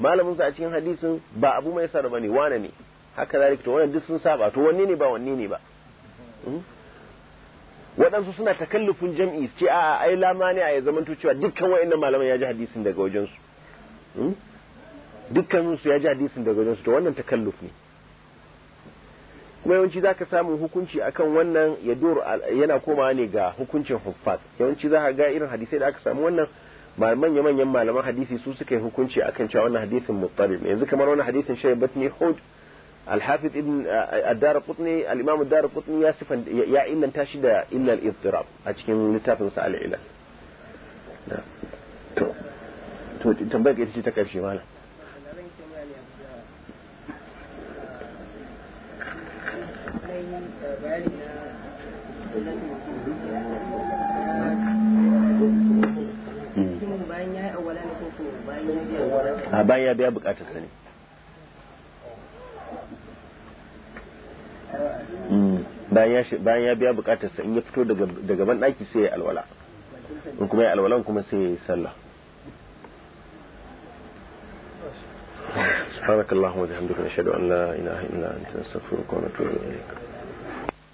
malaminsa a cikin hadisin ba abu maisara bane wane ne haka zalika to wannan duk sun saba to wanne ne ba wanne ne ba hmm? waɗansu suna takallufin jam'i ce a ai lama ne a ya zamanto cewa dukkan nan malaman ya ji hadisin daga wajensu hmm? dukkaninsu su ya ji hadisin daga wajensu to wannan takalluf ne kuma yawanci za ka samu hukunci akan wannan ya dor yana komawa ne ga hukuncin hufat yawanci za ka ga irin hadisai da aka samu wannan manya manyan malaman hadisi su suka yi hukunci akan cewa wannan hadisin muttalib yanzu kamar wannan hadisin shaybat batni hud alhafiz ibn الدار القطني الامام الدار القطني ya يا ya illanta الا da illal a cikin littafin sa al'ila to to tambayar ka ita ce ta karshe malam a bayan ya biya bukatar sani Mm. bayan ya biya bukatarsa in ya fito daga ban daki sai ya alwala in kuma ya alwalan kuma sai ya yi sallah سبحانك اللهم وبحمدك نشهد ان لا اله الا انت نستغفرك ونتوب اليك